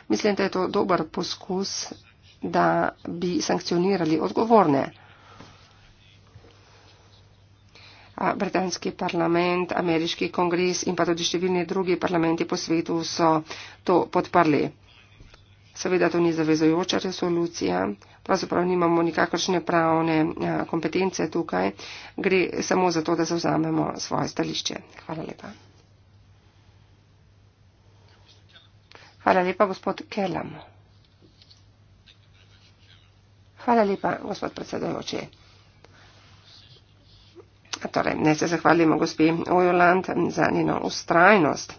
Mislim, da je to dober poskus, da bi sankcionirali odgovorne. Britanski parlament, ameriški kongres in pa tudi številni drugi parlamenti po svetu so to podprli. Seveda to ni zavezojoča resolucija, pravzaprav nimamo nikakršne pravne kompetence tukaj, gre samo za to, da zauzamemo svoje stališče. Hvala lepa. Hvala lepa, gospod Kellam. Hvala lepa, gospod predsedojoči. Torej, ne se zahvalimo gospi Ojoland za njeno ustrajnost.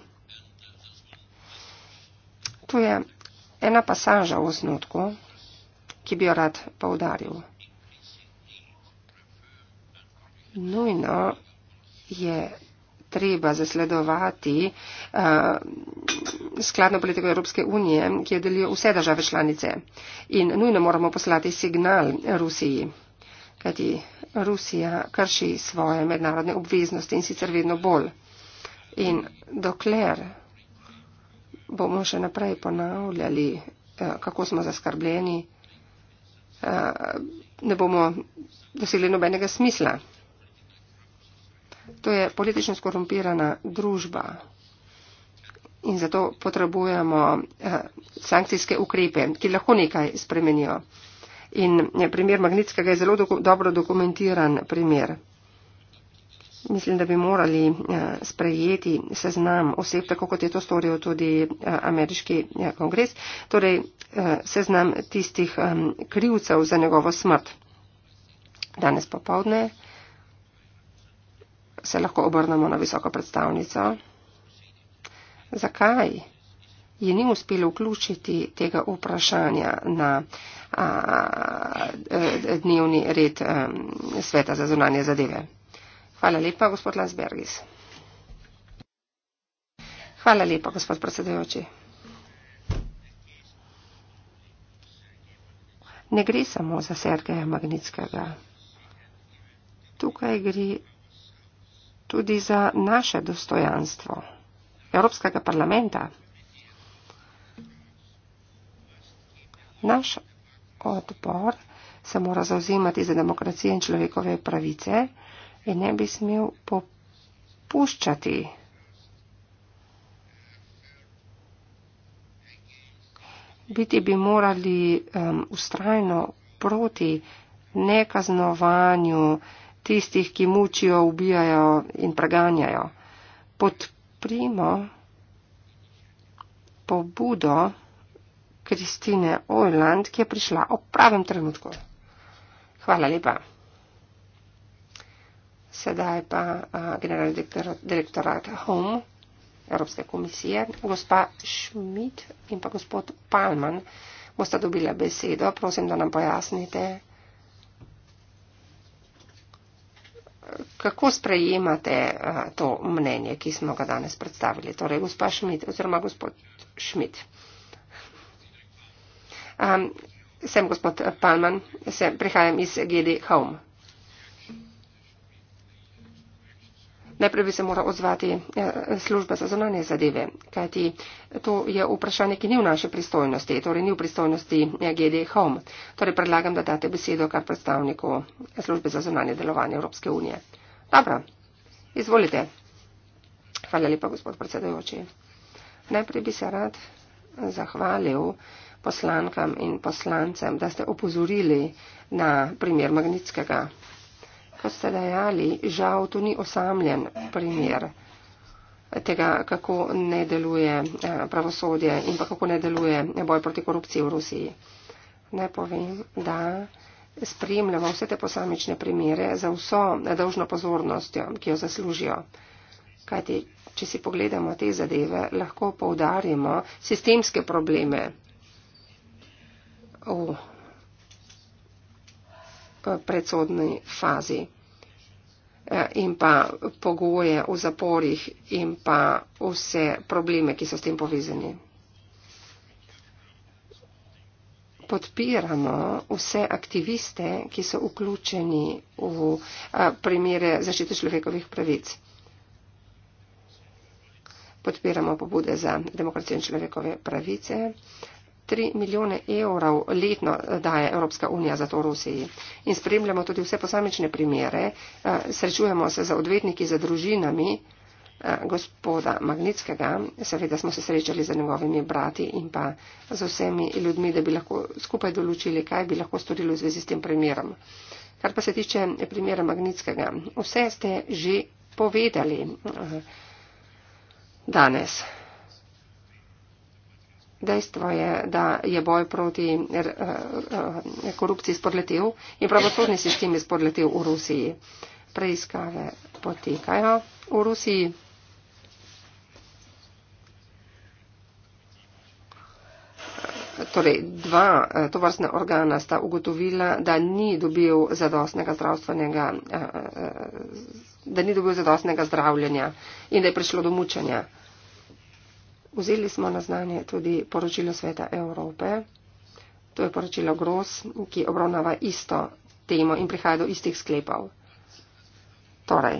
Tu je ena pasaža v osnutku, ki bi jo rad poudaril. Nujno je treba zasledovati uh, skladno politiko Evropske unije, ki jo delijo vse države članice. In nujno moramo poslati signal Rusiji kajti Rusija krši svoje mednarodne obveznosti in sicer vedno bolj. In dokler bomo še naprej ponavljali, eh, kako smo zaskrbljeni, eh, ne bomo dosegli nobenega smisla. To je politično skorumpirana družba in zato potrebujemo eh, sankcijske ukrepe, ki lahko nekaj spremenijo. In ja, primer magnetskega je zelo do, dobro dokumentiran primer. Mislim, da bi morali eh, sprejeti seznam oseb, tako kot je to storil tudi eh, ameriški eh, kongres, torej seznam tistih ehm, krivcev za njegovo smrt. Danes popovdne se lahko obrnemo na visoko predstavnico. Zakaj? je ni uspelo vključiti tega vprašanja na a, e, e, dnevni red a, e, sveta za zunanje zadeve. Hvala lepa, gospod Lansbergis. Hvala lepa, gospod predsedujoči. Ne gre samo za Sergeja Magnitskega. Tukaj gre tudi za naše dostojanstvo Evropskega parlamenta. Naš odbor se mora zauzemati za demokracijo in človekove pravice in ne bi smel popuščati. Biti bi morali um, ustrajno proti nekaznovanju tistih, ki mučijo, ubijajo in preganjajo. Podprimo pobudo. Kristine Ojland, ki je prišla ob pravem trenutku. Hvala lepa. Sedaj pa uh, generalni direktor, direktorat Home Evropske komisije, gospa Schmidt in pa gospod Palman bosta dobila besedo. Prosim, da nam pojasnite, kako sprejemate uh, to mnenje, ki smo ga danes predstavili. Torej, gospa Schmidt oziroma gospod Schmidt. Um, sem gospod Palman, sem, prihajam iz GD Home. Najprej bi se moral odzvati eh, služba za zonanje zadeve, kajti to je vprašanje, ki ni v naši pristojnosti, torej ni v pristojnosti eh, GD Home. Torej predlagam, da date besedo kar predstavniku službe za zonanje delovanje Evropske unije. Dobro, izvolite. Hvala lepa, gospod predsedojoči. Najprej bi se rad zahvalil poslankam in poslancem, da ste opozorili na primer Magnitskega. Kot ste dejali, žal to ni osamljen primer tega, kako ne deluje eh, pravosodje in pa kako ne deluje boj proti korupciji v Rusiji. Ne povem, da spremljamo vse te posamične primere za vso dolžno pozornostjo, ki jo zaslužijo. Kajti, če si pogledamo te zadeve, lahko poudarimo sistemske probleme v predsodni fazi e, in pa pogoje v zaporih in pa vse probleme, ki so s tem povezani. Podpiramo vse aktiviste, ki so vključeni v e, primere zaščite človekovih pravic. Podpiramo pobude za demokracijo in človekove pravice. 3 milijone evrov letno eh, daje Evropska unija za to Rusiji. In spremljamo tudi vse posamične primere, eh, srečujemo se za odvetniki, za družinami eh, gospoda Magnitskega, seveda smo se srečali z njegovimi brati in pa z vsemi ljudmi, da bi lahko skupaj določili, kaj bi lahko storili v zvezi s tem primerom. Kar pa se tiče primera Magnitskega, vse ste že povedali danes dejstvo je, da je boj proti korupciji spodletel in pravosodni sistem je spodletel v Rusiji. Preiskave potekajo v Rusiji. Torej, dva eh, tovrstna organa sta ugotovila, da ni dobil zadostnega zdravstvenega eh, eh, da ni dobil zadostnega zdravljenja in da je prišlo do mučenja. Vzeli smo na znanje tudi poročilo Sveta Evrope. To je poročilo Gross, ki obravnava isto temo in prihaja do istih sklepov. Torej,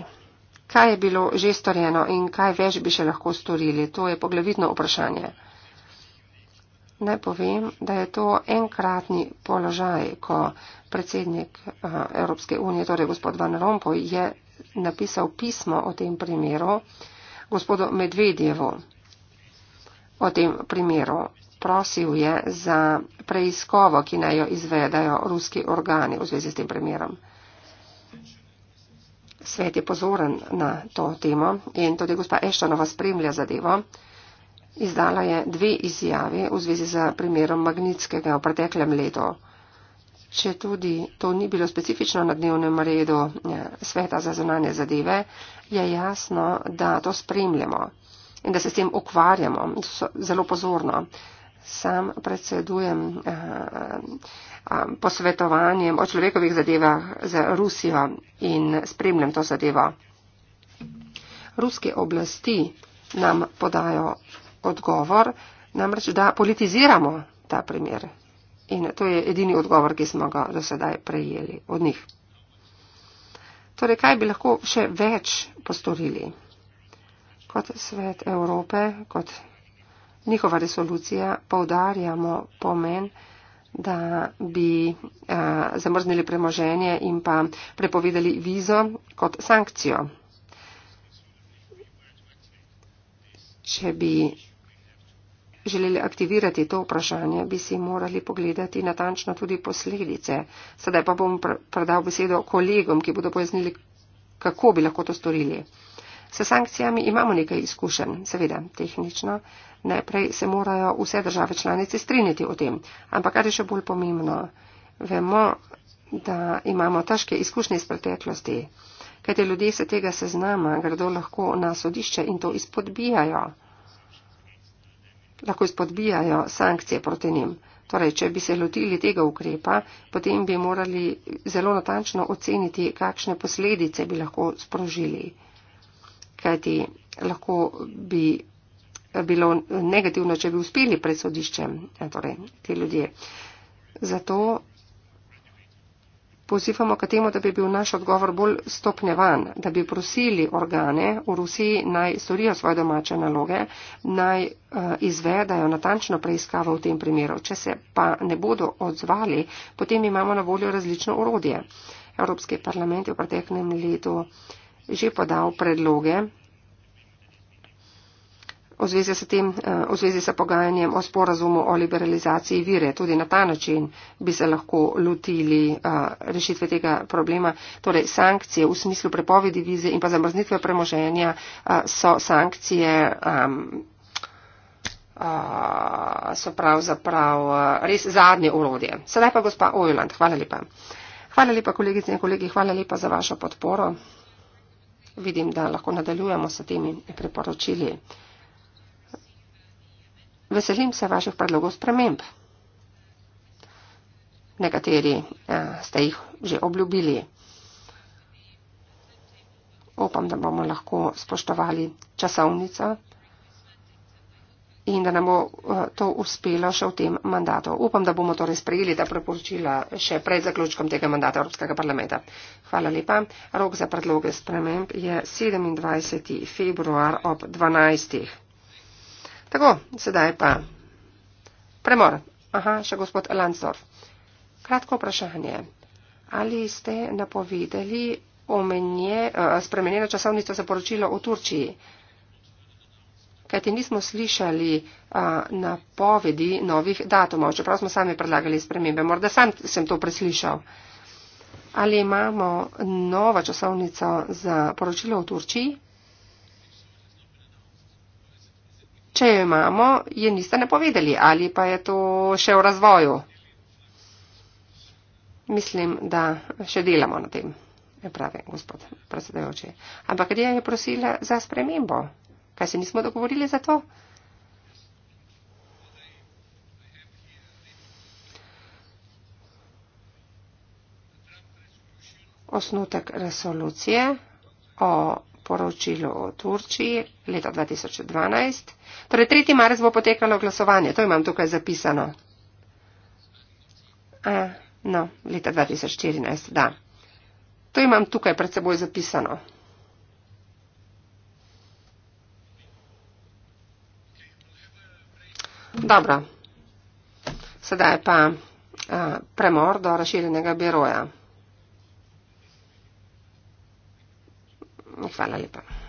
kaj je bilo že storjeno in kaj več bi še lahko storili? To je poglavitno vprašanje. Naj povem, da je to enkratni položaj, ko predsednik eh, Evropske unije, torej gospod Van Rompuy, je napisal pismo o tem primeru gospodu Medvedjevu. O tem primeru prosil je za preiskavo, ki naj jo izvedajo ruski organi v zvezi s tem primerom. Svet je pozoren na to temo in tudi gospa Eštonova spremlja zadevo. Izdala je dve izjavi v zvezi z primerom Magnitskega v preteklem letu. Če tudi to ni bilo specifično na dnevnem redu eh, Sveta za zunanje zadeve, je jasno, da to spremljamo in da se s tem ukvarjamo so, zelo pozorno. Sam predsedujem uh, um, posvetovanjem o človekovih zadevah z Rusijo in spremljam to zadevo. Ruske oblasti nam podajo odgovor, namreč da politiziramo ta primer. In to je edini odgovor, ki smo ga do sedaj prejeli od njih. Torej, kaj bi lahko še več postorili? kot svet Evrope, kot njihova resolucija, povdarjamo pomen, da bi a, eh, zamrznili premoženje in pa prepovedali vizo kot sankcijo. Če bi želeli aktivirati to vprašanje, bi si morali pogledati natančno tudi posledice. Sedaj pa bom predal besedo kolegom, ki bodo pojasnili, kako bi lahko to storili. S sankcijami imamo nekaj izkušenj, seveda tehnično. Najprej se morajo vse države članice strinjati o tem. Ampak kar je še bolj pomembno, vemo, da imamo težke izkušnje iz preteklosti. Kaj te ljudje se tega seznama gredo lahko na sodišče in to izpodbijajo. Lahko izpodbijajo sankcije proti njim. Torej, če bi se lotili tega ukrepa, potem bi morali zelo natančno oceniti, kakšne posledice bi lahko sprožili kajti lahko bi bilo negativno, če bi uspeli pred sodiščem, eh, torej te ljudje. Zato pozivamo k temu, da bi bil naš odgovor bolj stopnjevan, da bi prosili organe v Rusiji naj storijo svoje domače naloge, naj eh, izvedajo natančno preiskavo v tem primeru. Če se pa ne bodo odzvali, potem imamo na voljo različno urodje. Evropski parlament je v preteknem letu že podal predloge v zvezi s tem, eh, v zvezi s pogajanjem o sporazumu o liberalizaciji vire. Tudi na ta način bi se lahko lotili eh, rešitve tega problema. Torej, sankcije v smislu prepovedi vize in pa zamrznitve premoženja eh, so sankcije. Um, so pravzaprav res zadnje urodje. Sedaj pa gospa Ojland, hvala lepa. Hvala lepa, kolegice in kolegi, hvala lepa za vašo podporo vidim, da lahko nadaljujemo s temi priporočili. Veselim se vaših predlogov sprememb. Nekateri eh, ste jih že obljubili. Upam, da bomo lahko spoštovali časovnico in da nam bo eh, to uspelo še v tem mandatu. Upam, da bomo torej sprejeli ta preporočila še pred zaključkom tega mandata Evropskega parlamenta. Hvala lepa. Rok za predloge sprememb je 27. februar ob 12. Tako, sedaj pa premor. Aha, še gospod Lansdorf. Kratko vprašanje. Ali ste napovedali omenje, eh, spremenjeno časovnico za poročilo v Turčiji? kajti nismo slišali a, napovedi novih datumov, čeprav smo sami predlagali spremembe. Morda sam sem to preslišal. Ali imamo novo časovnico za poročilo v Turčiji? Če jo imamo, je niste napovedali ali pa je to še v razvoju. Mislim, da še delamo na tem, pravi gospod predsedajoči. Ampak kdaj je prosila za spremembo? Kaj se nismo dogovorili za to? Osnutek resolucije o poročilu o Turčiji leta 2012. Torej, 3. marec bo potekalo glasovanje, to imam tukaj zapisano. A, no, leta 2014, da. To imam tukaj pred seboj zapisano. Dobro. Sedaj pa a, eh, premor do razširjenega biroja. Hvala lepa.